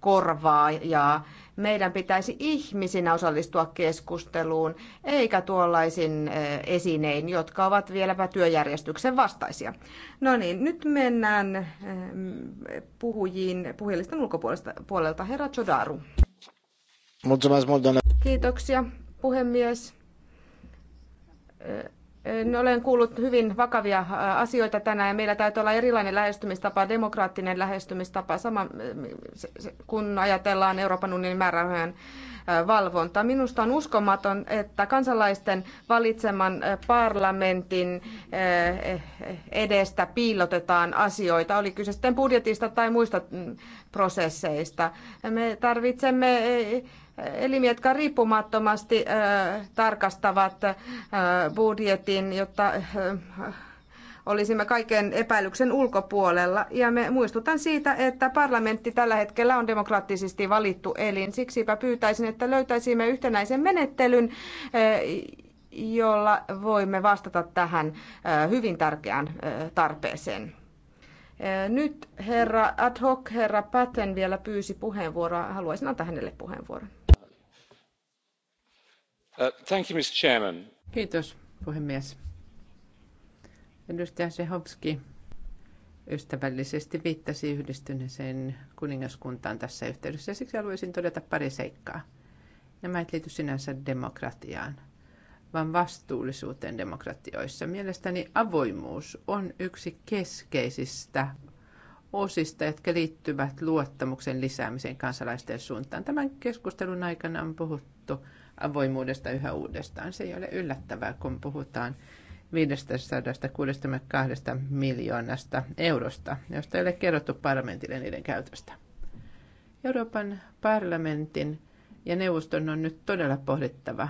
Speaker 4: korvaa ja meidän pitäisi ihmisinä osallistua keskusteluun, eikä tuollaisin eh, esinein, jotka ovat vieläpä työjärjestyksen vastaisia. No niin, nyt mennään eh, puhujiin puhujallisten ulkopuolelta. Herra Chodaru. Kiitoksia, puhemies eh, olen kuullut hyvin vakavia asioita tänään ja meillä täytyy olla erilainen lähestymistapa, demokraattinen lähestymistapa, sama kun ajatellaan Euroopan unionin määrärahojen valvontaa. Minusta on uskomaton, että kansalaisten valitseman parlamentin e, edestä piilotetaan asioita, oli kyse sitten budjetista tai muista mm, prosesseista. Me tarvitsemme e, elimiä, jotka riippumattomasti tarkastavat budjetin, jotta olisimme kaiken epäilyksen ulkopuolella. Ja me muistutan siitä, että parlamentti tällä hetkellä on demokraattisesti valittu elin. Siksipä pyytäisin, että löytäisimme yhtenäisen menettelyn, jolla voimme vastata tähän hyvin tärkeään tarpeeseen. Nyt herra ad hoc, herra Patten vielä pyysi puheenvuoroa. Haluaisin antaa hänelle puheenvuoron. Uh, arvoisa puhemies.
Speaker 6: Edustaja zdechovsk ystävällisesti viittasi yhdistyneeseen kuningaskuntaan tässä yhteydessä ja siksi haluaisin todeta pari seikkaa. Nämä eivät liity sinänsä demokratiaan, vaan vastuullisuuteen demokratioissa. Mielestäni avoimuus on yksi keskeisistä osista, jotka liittyvät luottamuksen lisäämiseen kansalaisten suuntaan. Tämän keskustelun aikana on puhuttu avoimuudesta yhä uudestaan. Se ei ole yllättävää, kun puhutaan 562 miljoonasta eurosta, josta ei ole kerrottu parlamentille niiden käytöstä. Euroopan parlamentin ja neuvoston on nyt todella pohdittava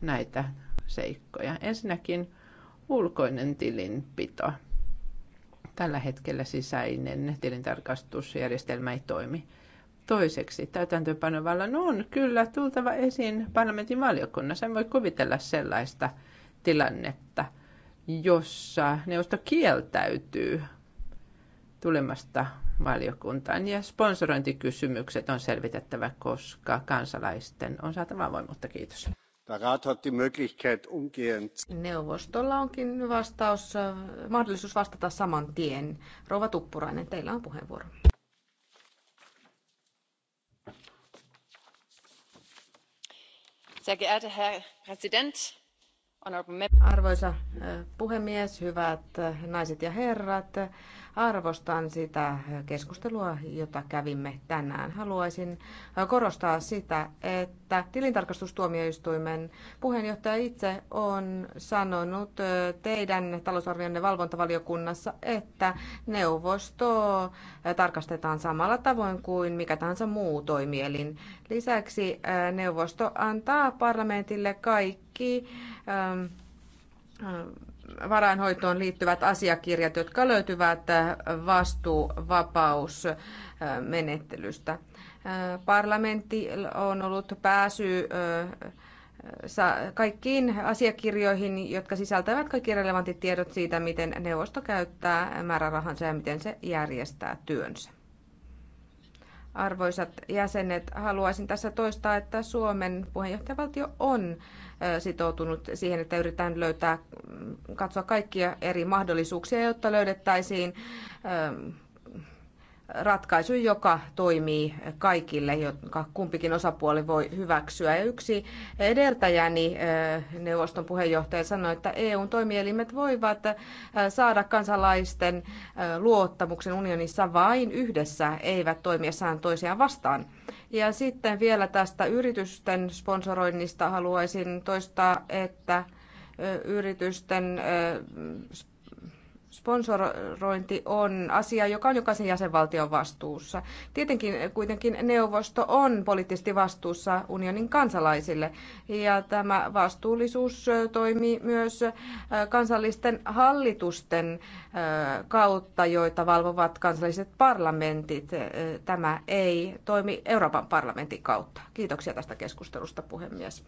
Speaker 6: näitä seikkoja. Ensinnäkin ulkoinen tilinpito. Tällä hetkellä sisäinen tilintarkastusjärjestelmä ei toimi. Toiseksi täytäntöönpanovallan on kyllä tultava esiin parlamentin valiokunnassa. En voi kuvitella sellaista tilannetta, jossa neuvosto kieltäytyy tulemasta valiokuntaan. Ja sponsorointikysymykset on selvitettävä, koska kansalaisten
Speaker 4: on saatava avoimuutta. Kiitos. Neuvostolla onkin vastaus, mahdollisuus vastata saman tien. Rova Tuppurainen, teillä on puheenvuoro. Arvoisa äh, puhemies, hyvät äh, naiset ja herrat, arvostan sitä äh, keskustelua, jota kävimme tänään. Haluaisin korostaa sitä, että tilintarkastustuomioistuimen puheenjohtaja itse on sanonut teidän talousarvionne valvontavaliokunnassa, että neuvosto tarkastetaan samalla tavoin kuin mikä tahansa muu toimielin. Lisäksi neuvosto antaa parlamentille kaikki varainhoitoon liittyvät asiakirjat, jotka löytyvät vastuuvapausmenettelystä. Parlamentti on ollut pääsy kaikkiin asiakirjoihin, jotka sisältävät kaikki relevantit tiedot siitä, miten neuvosto käyttää määrärahansa ja miten se järjestää työnsä. Arvoisat jäsenet, haluaisin tässä toistaa, että Suomen puheenjohtajavaltio on sitoutunut siihen, että yritetään löytää, mm, katsoa kaikkia eri mahdollisuuksia, jotta löydettäisiin ratkaisu, joka toimii kaikille, jotka kumpikin osapuoli voi hyväksyä. Ja yksi edeltäjäni neuvoston puheenjohtaja sanoi, että EUn toimielimet voivat saada kansalaisten luottamuksen unionissa vain yhdessä, eivät toimiessaan toisiaan vastaan. Ja sitten vielä tästä yritysten sponsoroinnista haluaisin toistaa, että yritysten sponsorointi on asia, joka on jokaisen jäsenvaltion vastuussa. Tietenkin kuitenkin neuvosto on poliittisesti vastuussa unionin kansalaisille, ja tämä vastuullisuus toimii myös kansallisten hallitusten kautta, joita valvovat kansalliset parlamentit. Tämä ei toimi Euroopan parlamentin kautta. Kiitoksia tästä keskustelusta, puhemies.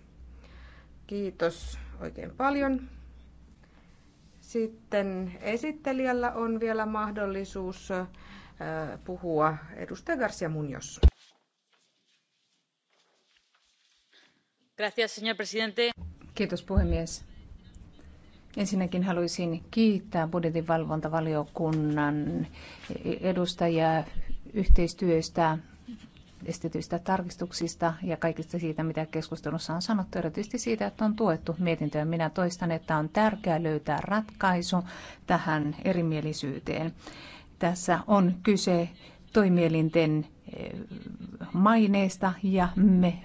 Speaker 4: Kiitos oikein paljon. Sitten esittelijällä on vielä mahdollisuus puhua edustaja Garcia Munoz.
Speaker 5: Kiitos puhemies. Ensinnäkin haluaisin kiittää budjetinvalvontavaliokunnan edustajia yhteistyöstä esitetyistä tarkistuksista ja kaikista siitä, mitä keskustelussa on sanottu, erityisesti siitä, että on tuettu mietintöä. Minä toistan, että on tärkeää löytää ratkaisu tähän erimielisyyteen. Tässä on kyse toimielinten eh, maineesta ja me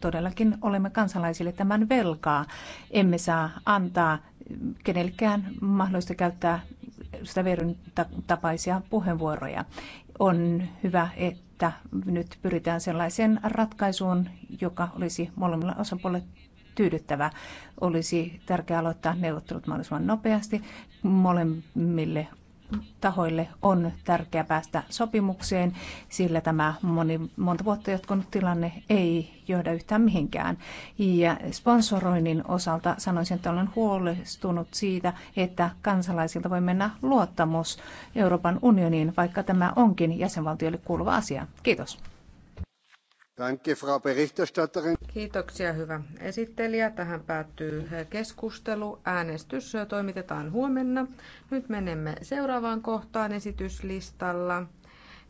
Speaker 5: todellakin olemme kansalaisille tämän velkaa. Emme saa antaa kenellekään mahdollista käyttää Staverin tapaisia puheenvuoroja. On hyvä, että nyt pyritään sellaiseen ratkaisuun, joka olisi molemmilla osapuolilla tyydyttävä. Olisi tärkeää aloittaa neuvottelut mahdollisimman nopeasti. Molemmille tahoille on tärkeää päästä sopimukseen, sillä tämä moni, monta vuotta jatkunut tilanne ei johda yhtään mihinkään. Ja sponsoroinnin osalta sanoisin, että olen huolestunut siitä, että kansalaisilta voi mennä luottamus Euroopan unioniin, vaikka tämä onkin jäsenvaltioille kuuluva asia. Kiitos.
Speaker 4: Kiitoksia, hyvä esittelijä. Tähän päättyy keskustelu. Äänestys toimitetaan huomenna. Nyt menemme seuraavaan kohtaan esityslistalla.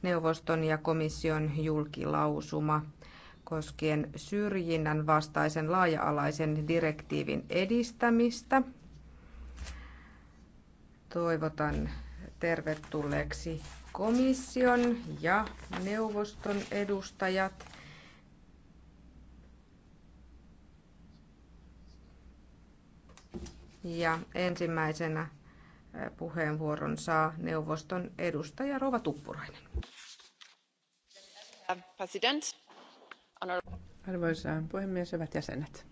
Speaker 4: Neuvoston ja komission julkilausuma koskien syrjinnän vastaisen laaja-alaisen direktiivin edistämistä. Toivotan tervetulleeksi komission ja neuvoston edustajat. Ja ensimmäisenä puheenvuoron saa neuvoston edustaja Rova Tuppurainen. Arvoisa
Speaker 6: puhemies, hyvät jäsenet.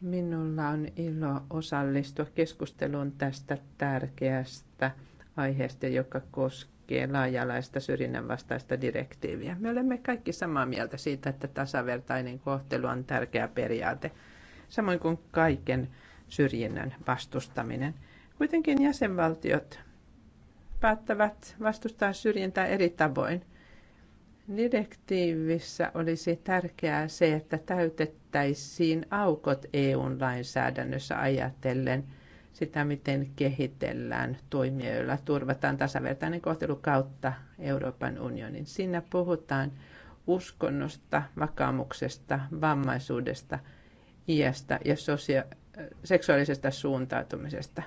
Speaker 6: Minulla on ilo osallistua keskusteluun tästä tärkeästä aiheesta, joka koskee laajalaista syrjinnän vastaista direktiiviä. Me olemme kaikki samaa mieltä siitä, että tasavertainen kohtelu on tärkeä periaate – samoin kuin kaiken syrjinnän vastustaminen. Kuitenkin jäsenvaltiot päättävät vastustaa syrjintää eri tavoin. Direktiivissä olisi tärkeää se, että täytettäisiin aukot eu lainsäädännössä ajatellen sitä, miten kehitellään toimijoilla, turvataan tasavertainen kohtelu kautta Euroopan unionin. Siinä puhutaan uskonnosta, vakaumuksesta, vammaisuudesta – iästä ja sosia- seksuaalisesta suuntautumisesta.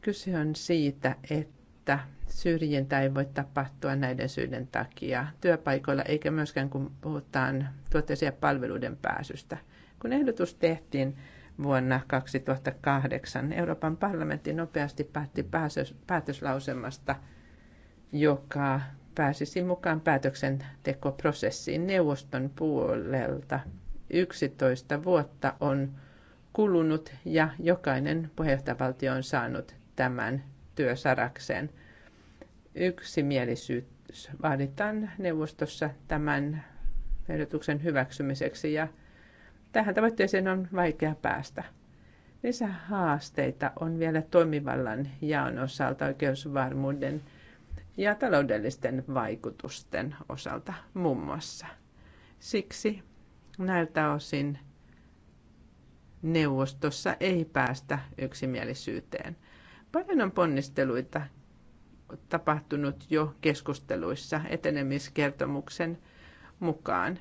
Speaker 6: Kyse on siitä, että syrjintä ei voi tapahtua näiden syiden takia työpaikoilla, eikä myöskään kun puhutaan tuotteisia palveluiden pääsystä. Kun ehdotus tehtiin vuonna 2008, Euroopan parlamentti nopeasti päätti päätöslausemasta, joka pääsisi mukaan päätöksentekoprosessiin neuvoston puolelta – 11 vuotta on kulunut ja jokainen puheenjohtajavaltio on saanut tämän työsarakseen. Yksimielisyys vaaditaan neuvostossa tämän ehdotuksen hyväksymiseksi ja tähän tavoitteeseen on vaikea päästä. Lisähaasteita on vielä toimivallan jaon osalta oikeusvarmuuden ja taloudellisten vaikutusten osalta muun muassa. Siksi Näiltä osin neuvostossa ei päästä yksimielisyyteen. Paljon on ponnisteluita tapahtunut jo keskusteluissa etenemiskertomuksen mukaan,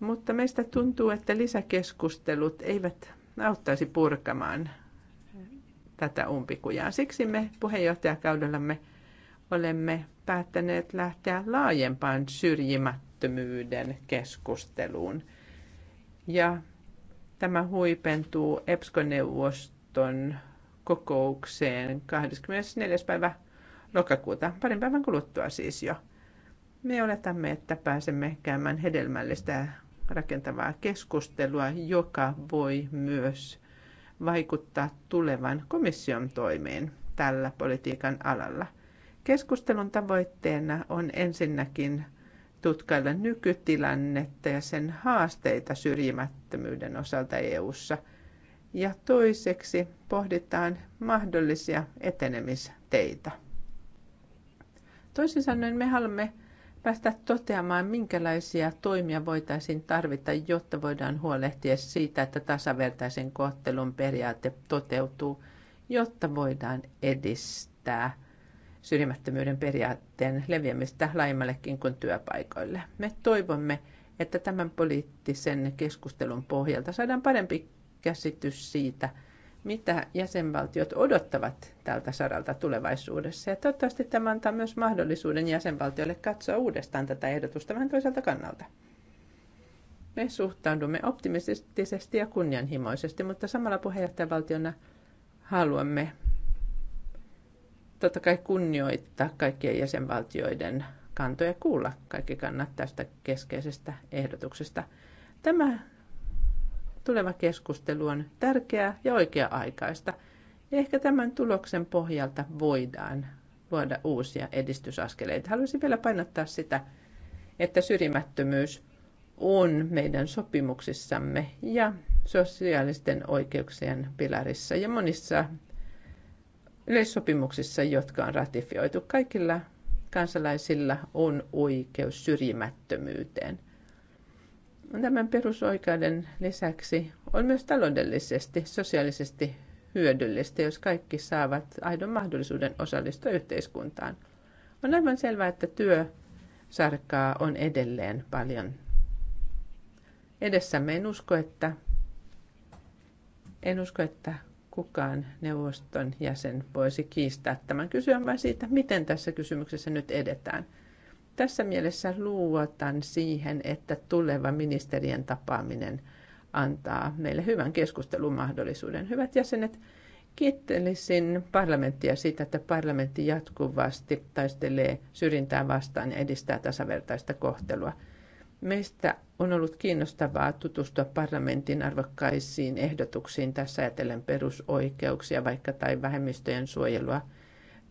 Speaker 6: mutta meistä tuntuu, että lisäkeskustelut eivät auttaisi purkamaan tätä umpikujaa. Siksi me puheenjohtajakaudellamme olemme päättäneet lähteä laajempaan syrjimättömyyden keskusteluun – ja tämä huipentuu EPSCO-neuvoston kokoukseen 24. päivä lokakuuta, parin päivän kuluttua siis jo. Me oletamme, että pääsemme käymään hedelmällistä rakentavaa keskustelua, joka voi myös vaikuttaa tulevan komission toimeen tällä politiikan alalla. Keskustelun tavoitteena on ensinnäkin tutkailla nykytilannetta ja sen haasteita syrjimättömyyden osalta EU:ssa. Ja toiseksi pohditaan mahdollisia etenemisteitä. Toisin sanoen me haluamme päästä toteamaan, minkälaisia toimia voitaisiin tarvita, jotta voidaan huolehtia siitä, että tasavertaisen kohtelun periaate toteutuu, jotta voidaan edistää syrjimättömyyden periaatteen leviämistä laajemmallekin kuin työpaikoille. Me toivomme, että tämän poliittisen keskustelun pohjalta saadaan parempi käsitys siitä, mitä jäsenvaltiot odottavat tältä saralta tulevaisuudessa. Ja toivottavasti tämä antaa myös mahdollisuuden jäsenvaltioille katsoa uudestaan tätä ehdotusta vähän toiselta kannalta. Me suhtaudumme optimistisesti ja kunnianhimoisesti, mutta samalla puheenjohtajavaltiona haluamme totta kai kunnioittaa kaikkien jäsenvaltioiden kantoja kuulla kaikki kannat tästä keskeisestä ehdotuksesta. Tämä tuleva keskustelu on tärkeää ja oikea-aikaista. Ja ehkä tämän tuloksen pohjalta voidaan luoda uusia edistysaskeleita. Haluaisin vielä painottaa sitä, että syrjimättömyys on meidän sopimuksissamme ja sosiaalisten oikeuksien pilarissa ja monissa yleissopimuksissa, jotka on ratifioitu. Kaikilla kansalaisilla on oikeus syrjimättömyyteen. Tämän perusoikeuden lisäksi on myös taloudellisesti, sosiaalisesti hyödyllistä, jos kaikki saavat aidon mahdollisuuden osallistua yhteiskuntaan. On aivan selvää, että työsarkaa on edelleen paljon. Edessämme en usko, että en usko, että kukaan neuvoston jäsen voisi kiistää tämän. kysyä vain siitä, miten tässä kysymyksessä nyt edetään. Tässä mielessä luotan siihen, että tuleva ministerien tapaaminen antaa meille hyvän keskustelumahdollisuuden. Hyvät jäsenet, kiittelisin parlamenttia siitä, että parlamentti jatkuvasti taistelee syrjintää vastaan ja edistää tasavertaista kohtelua – Meistä on ollut kiinnostavaa tutustua parlamentin arvokkaisiin ehdotuksiin tässä ajatellen perusoikeuksia vaikka tai vähemmistöjen suojelua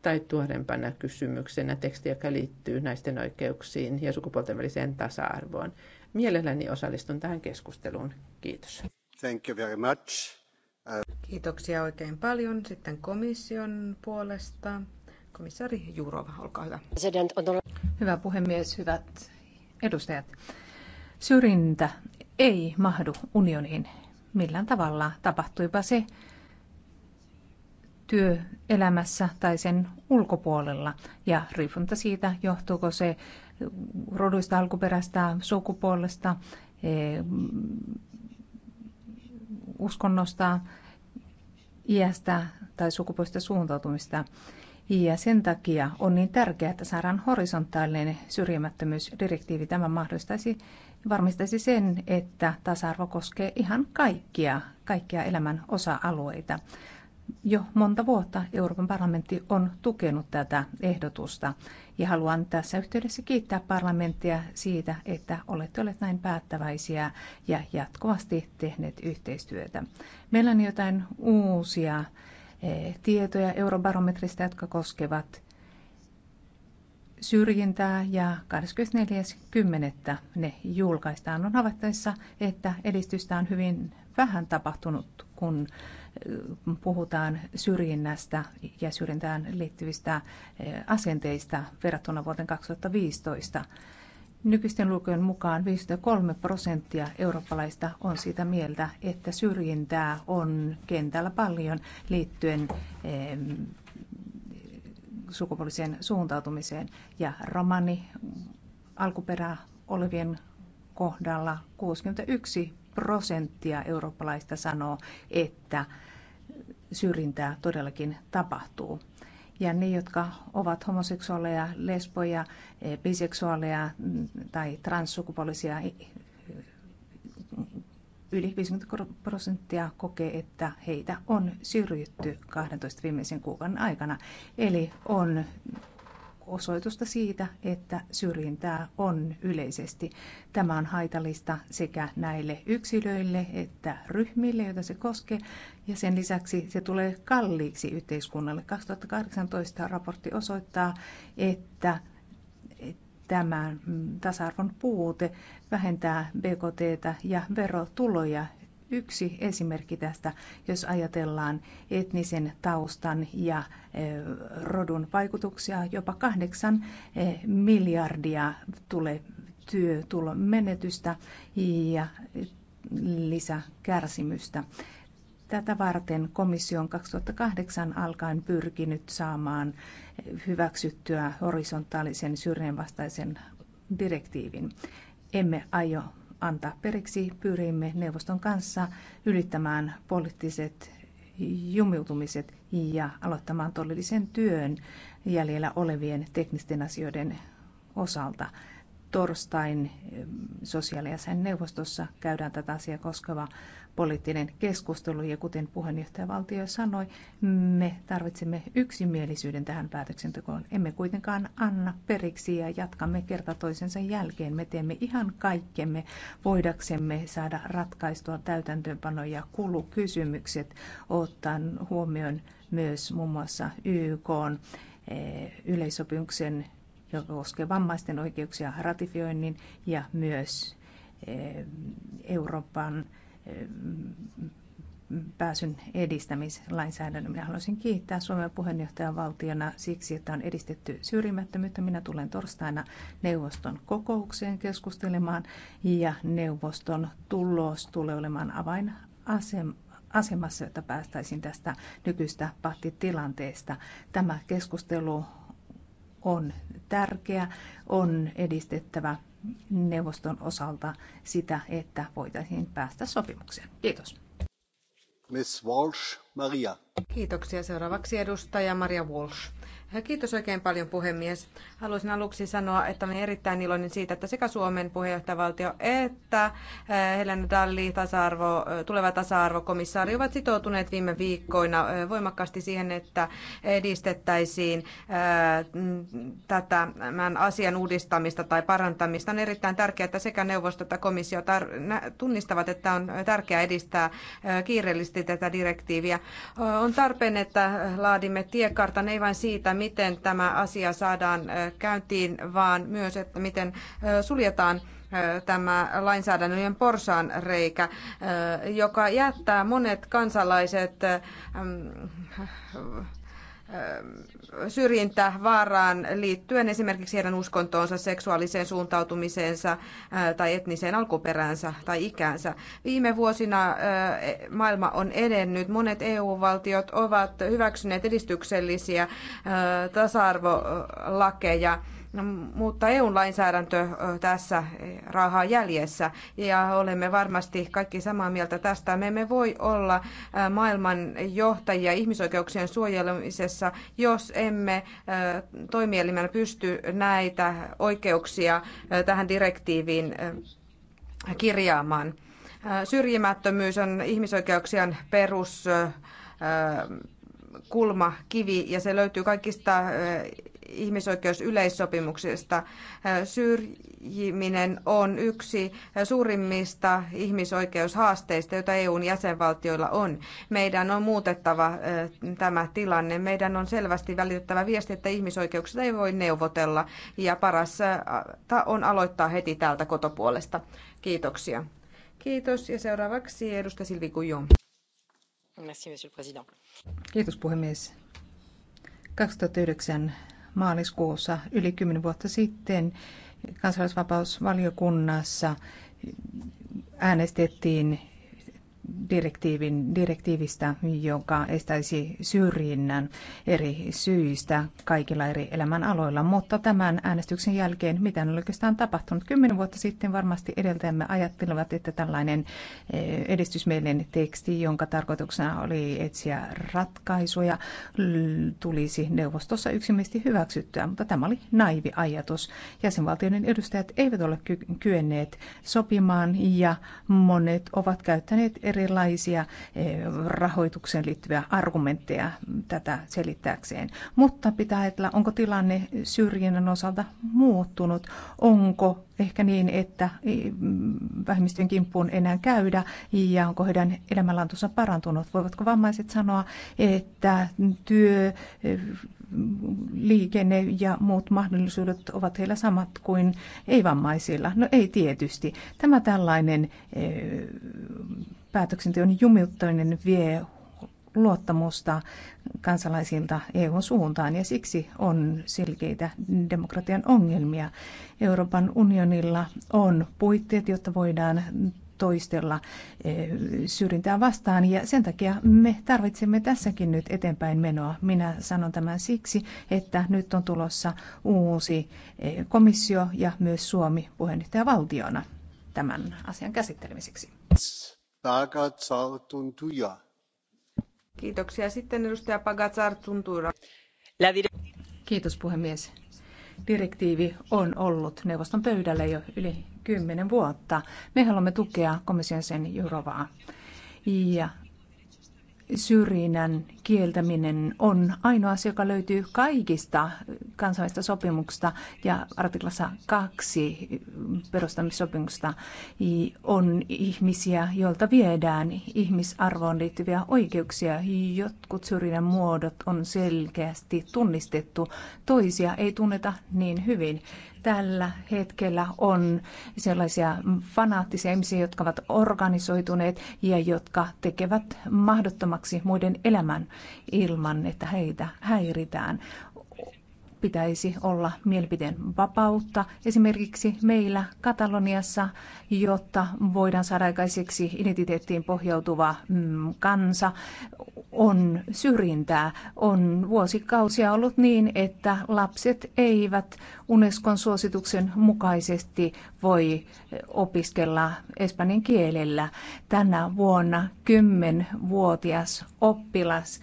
Speaker 6: tai tuorempana kysymyksenä teksti, joka liittyy naisten oikeuksiin ja sukupuolten väliseen tasa-arvoon. Mielelläni osallistun tähän keskusteluun. Kiitos. Thank you very much. Uh,
Speaker 4: Kiitoksia oikein paljon. Sitten komission puolesta komissaari Jurova, olkaa hyvä. Hyvä puhemies, hyvät edustajat, syrjintä
Speaker 5: ei mahdu unioniin millään tavalla, tapahtuipa se työelämässä tai sen ulkopuolella. Ja riippumatta siitä, johtuuko se roduista, alkuperästä, sukupuolesta, e, uskonnosta, iästä tai sukupuolista suuntautumista. Ja sen takia on niin tärkeää, että saadaan horisontaalinen syrjimättömyysdirektiivi. Tämä mahdollistaisi varmistaisi sen, että tasa-arvo koskee ihan kaikkia, kaikkia elämän osa-alueita. Jo monta vuotta Euroopan parlamentti on tukenut tätä ehdotusta ja haluan tässä yhteydessä kiittää parlamenttia siitä, että olette olleet näin päättäväisiä ja jatkuvasti tehneet yhteistyötä. Meillä on jotain uusia Eh, tietoja eurobarometristä, jotka koskevat syrjintää ja 24.10. ne julkaistaan. On havaittaessa, että edistystä on hyvin vähän tapahtunut, kun eh, puhutaan syrjinnästä ja syrjintään liittyvistä eh, asenteista verrattuna vuoteen 2015. Nykyisten lukujen mukaan 53 prosenttia eurooppalaista on sitä mieltä, että syrjintää on kentällä paljon liittyen sukupuoliseen suuntautumiseen ja romani alkuperä olevien kohdalla 61 prosenttia eurooppalaista sanoo, että syrjintää todellakin tapahtuu ja ne, jotka ovat homoseksuaaleja, lesboja, eh, biseksuaaleja mm, tai transsukupuolisia, yli 50 prosenttia kokee, että heitä on syrjitty 12 viimeisen kuukauden aikana. Eli on osoitusta siitä, että syrjintää on yleisesti. Tämä on haitallista sekä näille yksilöille että ryhmille, joita se koskee, ja sen lisäksi se tulee kalliiksi yhteiskunnalle. 2018 raportti osoittaa, että tämä tasa-arvon puute vähentää BKT ja verotuloja yksi esimerkki tästä, jos ajatellaan etnisen taustan ja eh, rodun vaikutuksia. Jopa kahdeksan eh, miljardia tulee työtulon menetystä ja lisäkärsimystä. Tätä varten komissio on 2008 alkaen pyrkinyt saamaan hyväksyttyä horisontaalisen syrjinnän vastaisen direktiivin. Emme aio antaa periksi. Pyrimme neuvoston kanssa ylittämään poliittiset jumiutumiset ja aloittamaan todellisen työn jäljellä olevien teknisten asioiden osalta torstain sosiaali- ja sen neuvostossa käydään tätä asiaa koskeva poliittinen keskustelu. Ja kuten puheenjohtajavaltio sanoi, me tarvitsemme yksimielisyyden tähän päätöksentekoon. Emme kuitenkaan anna periksi ja jatkamme kerta toisensa jälkeen. Me teemme ihan kaikkemme voidaksemme saada ratkaistua täytäntöönpano- ja kulukysymykset, ottaen huomioon myös muun muassa YK eh, yleissopimuksen joka koskee vammaisten oikeuksia ratifioinnin ja myös eh, Euroopan eh, pääsyn edistämislainsäädännön. Minä haluaisin kiittää Suomen puheenjohtajan valtiona siksi, että on edistetty syrjimättömyyttä. Minä tulen torstaina neuvoston kokoukseen keskustelemaan ja neuvoston tulos tulee olemaan avainasemassa, jotta päästäisiin tästä nykyistä pattitilanteesta. Tämä keskustelu on tärkeä, on edistettävä neuvoston osalta sitä, että
Speaker 4: voitaisiin päästä sopimukseen. Kiitos.
Speaker 2: Miss Walsh, Maria.
Speaker 4: Kiitoksia. Seuraavaksi edustaja Maria Walsh. Kiitos oikein paljon puhemies. Haluaisin aluksi sanoa, että olen erittäin iloinen siitä, että sekä Suomen puheenjohtajavaltio että eh, Helena Dalli, tasa-arvo, eh, tuleva tasa-arvokomissaari, ovat sitoutuneet viime viikkoina eh, voimakkaasti siihen, että edistettäisiin tätä asian uudistamista tai parantamista. On erittäin tärkeää, että sekä neuvosto että komissio tunnistavat, että on tärkeää edistää kiireellisesti tätä direktiiviä. On tarpeen, että laadimme tiekartan ei vain siitä, miten tämä asia saadaan käyntiin, vaan myös, että miten suljetaan tämä lainsäädännön porsaan reikä, joka jättää monet kansalaiset syrjintävaaraan liittyen esimerkiksi heidän uskontoonsa, seksuaaliseen suuntautumiseensa tai etniseen alkuperäänsä tai ikäänsä. Viime vuosina e, maailma on edennyt. Monet EU-valtiot ovat hyväksyneet edistyksellisiä tasa-arvolakeja No, mutta EU-lainsäädäntö tässä e, rahaa jäljessä ja olemme varmasti kaikki samaa mieltä tästä. Me emme voi olla maailman johtajia ihmisoikeuksien suojelemisessa, jos emme toimielimenä pysty näitä oikeuksia tähän direktiiviin kirjaamaan. Syrjimättömyys on ihmisoikeuksien perus kivi ja se löytyy kaikista ihmisoikeusyleissopimuksesta. Syrjiminen on yksi suurimmista ihmisoikeushaasteista, joita EUn jäsenvaltioilla on. Meidän on muutettava tämä tilanne. Meidän on selvästi välitettävä viesti, että ihmisoikeuksista ei voi neuvotella ja paras on aloittaa heti täältä kotopuolesta. Kiitoksia. Kiitos ja seuraavaksi edustaja Silvi Kujon.
Speaker 5: Kiitos puhemies. 2009 maaliskuussa yli kymmenen vuotta sitten kansalaisvapausvaliokunnassa äänestettiin direktiivin, direktiivistä, joka estäisi syrjinnän eri syistä kaikilla eri elämänaloilla. Mutta tämän äänestyksen jälkeen, mitä on oikeastaan tapahtunut? Kymmenen vuotta sitten varmasti edeltäjämme ajattelivat, että tällainen eh, edistysmielinen teksti, jonka tarkoituksena oli etsiä ratkaisuja, tulisi neuvostossa yksimielisesti hyväksyttyä. Mutta tämä oli naivi ajatus. Jäsenvaltioiden edustajat eivät ole kyenneet sopimaan ja monet ovat käyttäneet eri erilaisia eh, rahoitukseen liittyviä argumentteja tätä selittääkseen. Mutta pitää ajatella, onko tilanne syrjinnän osalta muuttunut, onko ehkä niin, että eh, vähemmistöjen kimppuun enää käydä ja onko heidän elämänlaantunsa parantunut. Voivatko vammaiset sanoa, että työ, eh, liikenne ja muut mahdollisuudet ovat heillä samat kuin ei-vammaisilla? No ei tietysti. Tämä tällainen päätöksenteon jumittaminen vie luottamusta kansalaisilta EU-suuntaan ja siksi on selkeitä demokratian ongelmia. Euroopan unionilla on puitteet, jotta voidaan toistella eh, syrjintää vastaan ja sen takia me tarvitsemme tässäkin nyt eteenpäin menoa. Minä sanon tämän siksi, että nyt on tulossa uusi eh, komissio ja myös Suomi puheenjohtajavaltiona tämän asian
Speaker 4: käsittelemiseksi. Kiitoksia. Sitten Kiitos puhemies.
Speaker 5: Direktiivi on ollut neuvoston pöydällä jo yli kymmenen vuotta. Me haluamme tukea komission sen Jurovaa. Ja syrjinnän kieltäminen on ainoa asia, joka löytyy kaikista kansainvälisistä sopimuksista ja artiklassa kaksi perustamissopimuksesta on ihmisiä, joilta viedään ihmisarvoon liittyviä oikeuksia. Jotkut syrjinnän muodot on selkeästi tunnistettu, toisia ei tunneta niin hyvin tällä hetkellä on sellaisia fanaattisia ihmisiä, jotka ovat organisoituneet ja jotka tekevät mahdottomaksi muiden elämän ilman, että heitä häiritään pitäisi olla mielipiteen vapautta esimerkiksi meillä Kataloniassa, jotta voidaan saada aikaiseksi identiteettiin pohjautuva mm, kansa. On syrjintää. On vuosikausia ollut niin, että lapset eivät Unescon suosituksen mukaisesti voi opiskella espanjan kielellä. Tänä vuonna vuotias oppilas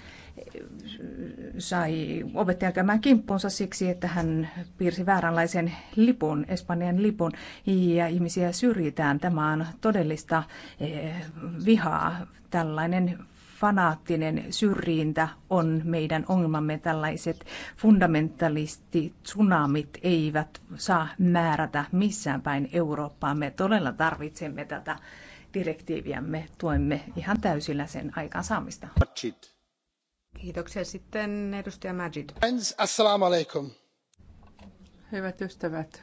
Speaker 5: sai opettaja käymään kimppunsa siksi, että hän piirsi vääränlaisen lipun, Espanjan lipun, ja ihmisiä syrjitään. Tämä on todellista eh, vihaa. Tällainen fanaattinen syrjintä on meidän ongelmamme. Tällaiset fundamentalisti tsunamit eivät saa määrätä missään päin Eurooppaa. Me todella tarvitsemme tätä direktiiviämme. Tuemme ihan täysillä sen aikaansaamista. saamista.
Speaker 4: Kiitoksia sitten edustaja Majid. assalamu alaikum. Hyvät ystävät,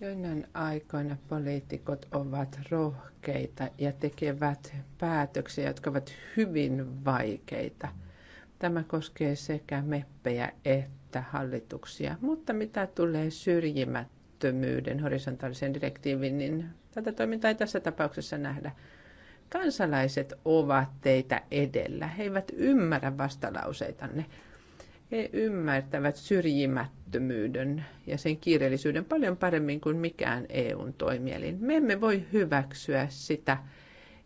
Speaker 6: Joinain aikoina poliitikot ovat rohkeita ja tekevät päätöksiä, jotka ovat hyvin vaikeita. Tämä koskee sekä meppejä että hallituksia. Mutta mitä tulee syrjimättömyyden horisontaalisen direktiiviin, niin tätä toimintaa ei tässä tapauksessa nähdä. Kansalaiset ovat teitä edellä. He eivät ymmärrä vastalauseitanne. He ymmärtävät syrjimättömyyden ja sen kiireellisyyden paljon paremmin kuin mikään EUn toimielin. Me emme voi hyväksyä sitä,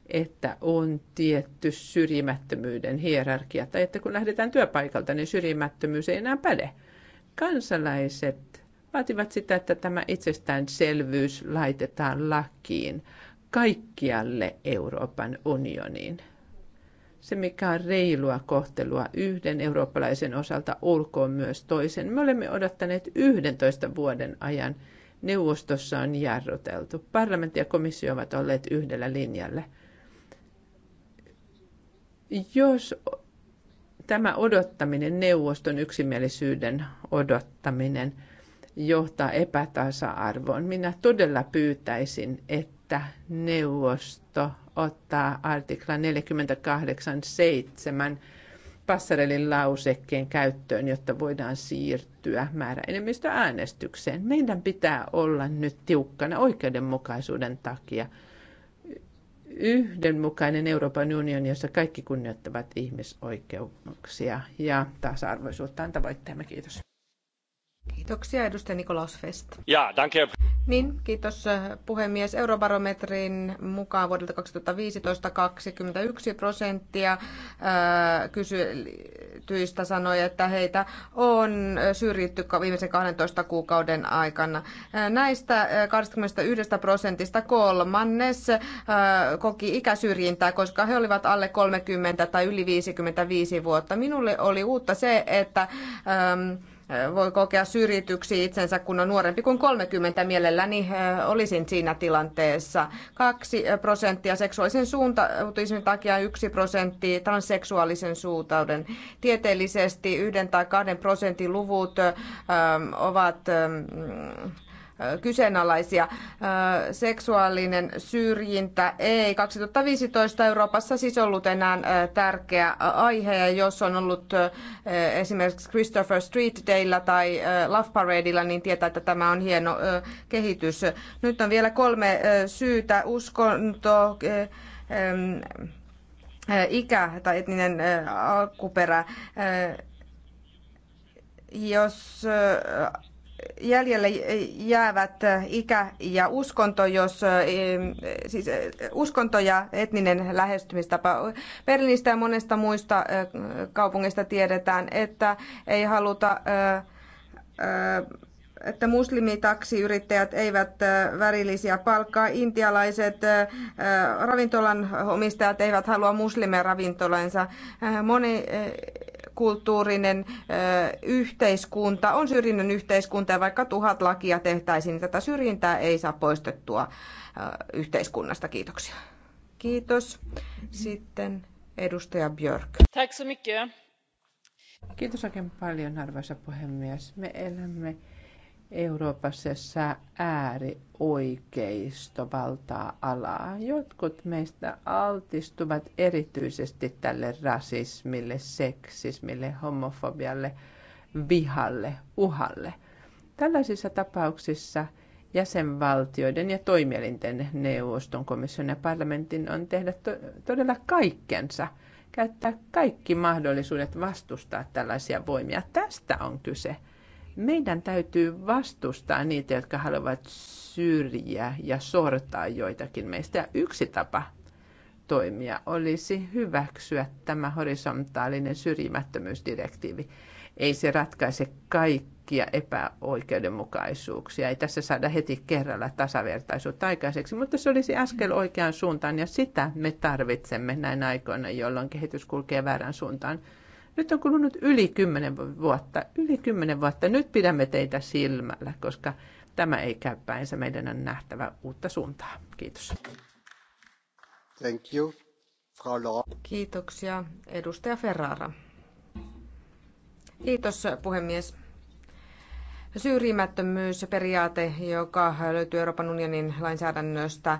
Speaker 6: että on tietty syrjimättömyyden hierarkia, tai että kun lähdetään työpaikalta, niin syrjimättömyys ei enää päde. Kansalaiset vaativat sitä, että tämä itsestäänselvyys laitetaan lakiin kaikkialle Euroopan unioniin. Se, mikä on reilua kohtelua yhden eurooppalaisen osalta, olkoon myös toisen. Me olemme odottaneet 11 vuoden ajan. Neuvostossa on jarruteltu. Parlamentti ja komissio ovat olleet yhdellä linjalla. Jos tämä odottaminen, neuvoston yksimielisyyden odottaminen, johtaa epätasa-arvoon, minä todella pyytäisin, että että neuvosto ottaa artikla 48.7 passarelin lausekkeen käyttöön, jotta voidaan siirtyä määräenemmistöäänestykseen. Meidän pitää olla nyt tiukkana oikeudenmukaisuuden takia. Yhdenmukainen Euroopan unioni, jossa kaikki kunnioittavat ihmisoikeuksia
Speaker 4: ja tasa on tavoitteemme. Kiitos. Kiitoksia edustaja Nikolaus Fest. Ja, danke. Niin, kiitos äh, puhemies. Eurobarometrin mukaan vuodelta 2015 21 prosenttia äh, kysytyistä sanoi, että heitä on syrjitty viimeisen 12 kuukauden aikana. Äh, näistä 21 prosentista kolmannes koki ikäsyrjintää, koska he olivat alle 30 tai yli 55 vuotta. Minulle oli uutta se, että ähm, voi kokea syrjityksi itsensä, kun on nuorempi kuin 30 mielelläni olisin siinä tilanteessa. 2 prosenttia seksuaalisen suuntautumisen takia, 1 prosentti transseksuaalisen suuntauden. Tieteellisesti yhden tai kahden prosentin luvut ovat kyseenalaisia. Seksuaalinen syrjintä ei 2015 Euroopassa siis ollut enää tärkeä aihe, ja jos on ollut esimerkiksi Christopher Street Daylla tai Love Paradeilla, niin tietää, että tämä on hieno kehitys. Nyt on vielä kolme syytä, uskonto, ikä tai etninen alkuperä. Jos jäljelle jäävät ikä ja uskonto, jos, eh, siis eh, uskonto ja etninen lähestymistapa. Berliinistä ja monesta muista eh, kaupungeista tiedetään, että ei haluta että muslimitaksiyrittäjät eivät värillisiä palkkaa, intialaiset ravintolan omistajat eivät halua muslimeja ravintolansa. Moni ö, yhteiskunta on syrjinnän yhteiskunta ja vaikka tuhat lakia tehtäisiin, niin tätä syrjintää ei saa poistettua yhteiskunnasta. Kiitoksia. Kiitos. Sitten edustaja Björk.
Speaker 6: Tack så mycket. Kiitos oikein paljon, arvoisa puhemies. Me elämme Euroopassa, jossa äärioikeisto valtaa alaa. Jotkut meistä altistuvat erityisesti tälle rasismille, seksismille, homofobialle, vihalle, uhalle. Tällaisissa tapauksissa jäsenvaltioiden ja toimielinten neuvoston komission ja parlamentin on tehdä to- todella kaikkensa, käyttää kaikki mahdollisuudet vastustaa tällaisia voimia. Tästä on kyse meidän täytyy vastustaa niitä, jotka haluavat syrjiä ja sortaa joitakin meistä. Ja yksi tapa toimia olisi hyväksyä tämä horisontaalinen syrjimättömyysdirektiivi. Ei se ratkaise kaikkia epäoikeudenmukaisuuksia. Ei tässä saada heti kerralla tasavertaisuutta aikaiseksi, mutta se olisi askel oikeaan suuntaan ja sitä me tarvitsemme näin aikoina, jolloin kehitys kulkee väärään suuntaan. Nyt on kulunut yli kymmenen vuotta. Yli kymmenen vuotta. Nyt pidämme teitä silmällä, koska tämä ei käy päinsä. Meidän on nähtävä uutta suuntaa. Kiitos.
Speaker 4: Thank you. Kiitoksia. Edustaja Ferrara. Kiitos puhemies. Syrjimättömyysperiaate, joka löytyy Euroopan unionin lainsäädännöstä,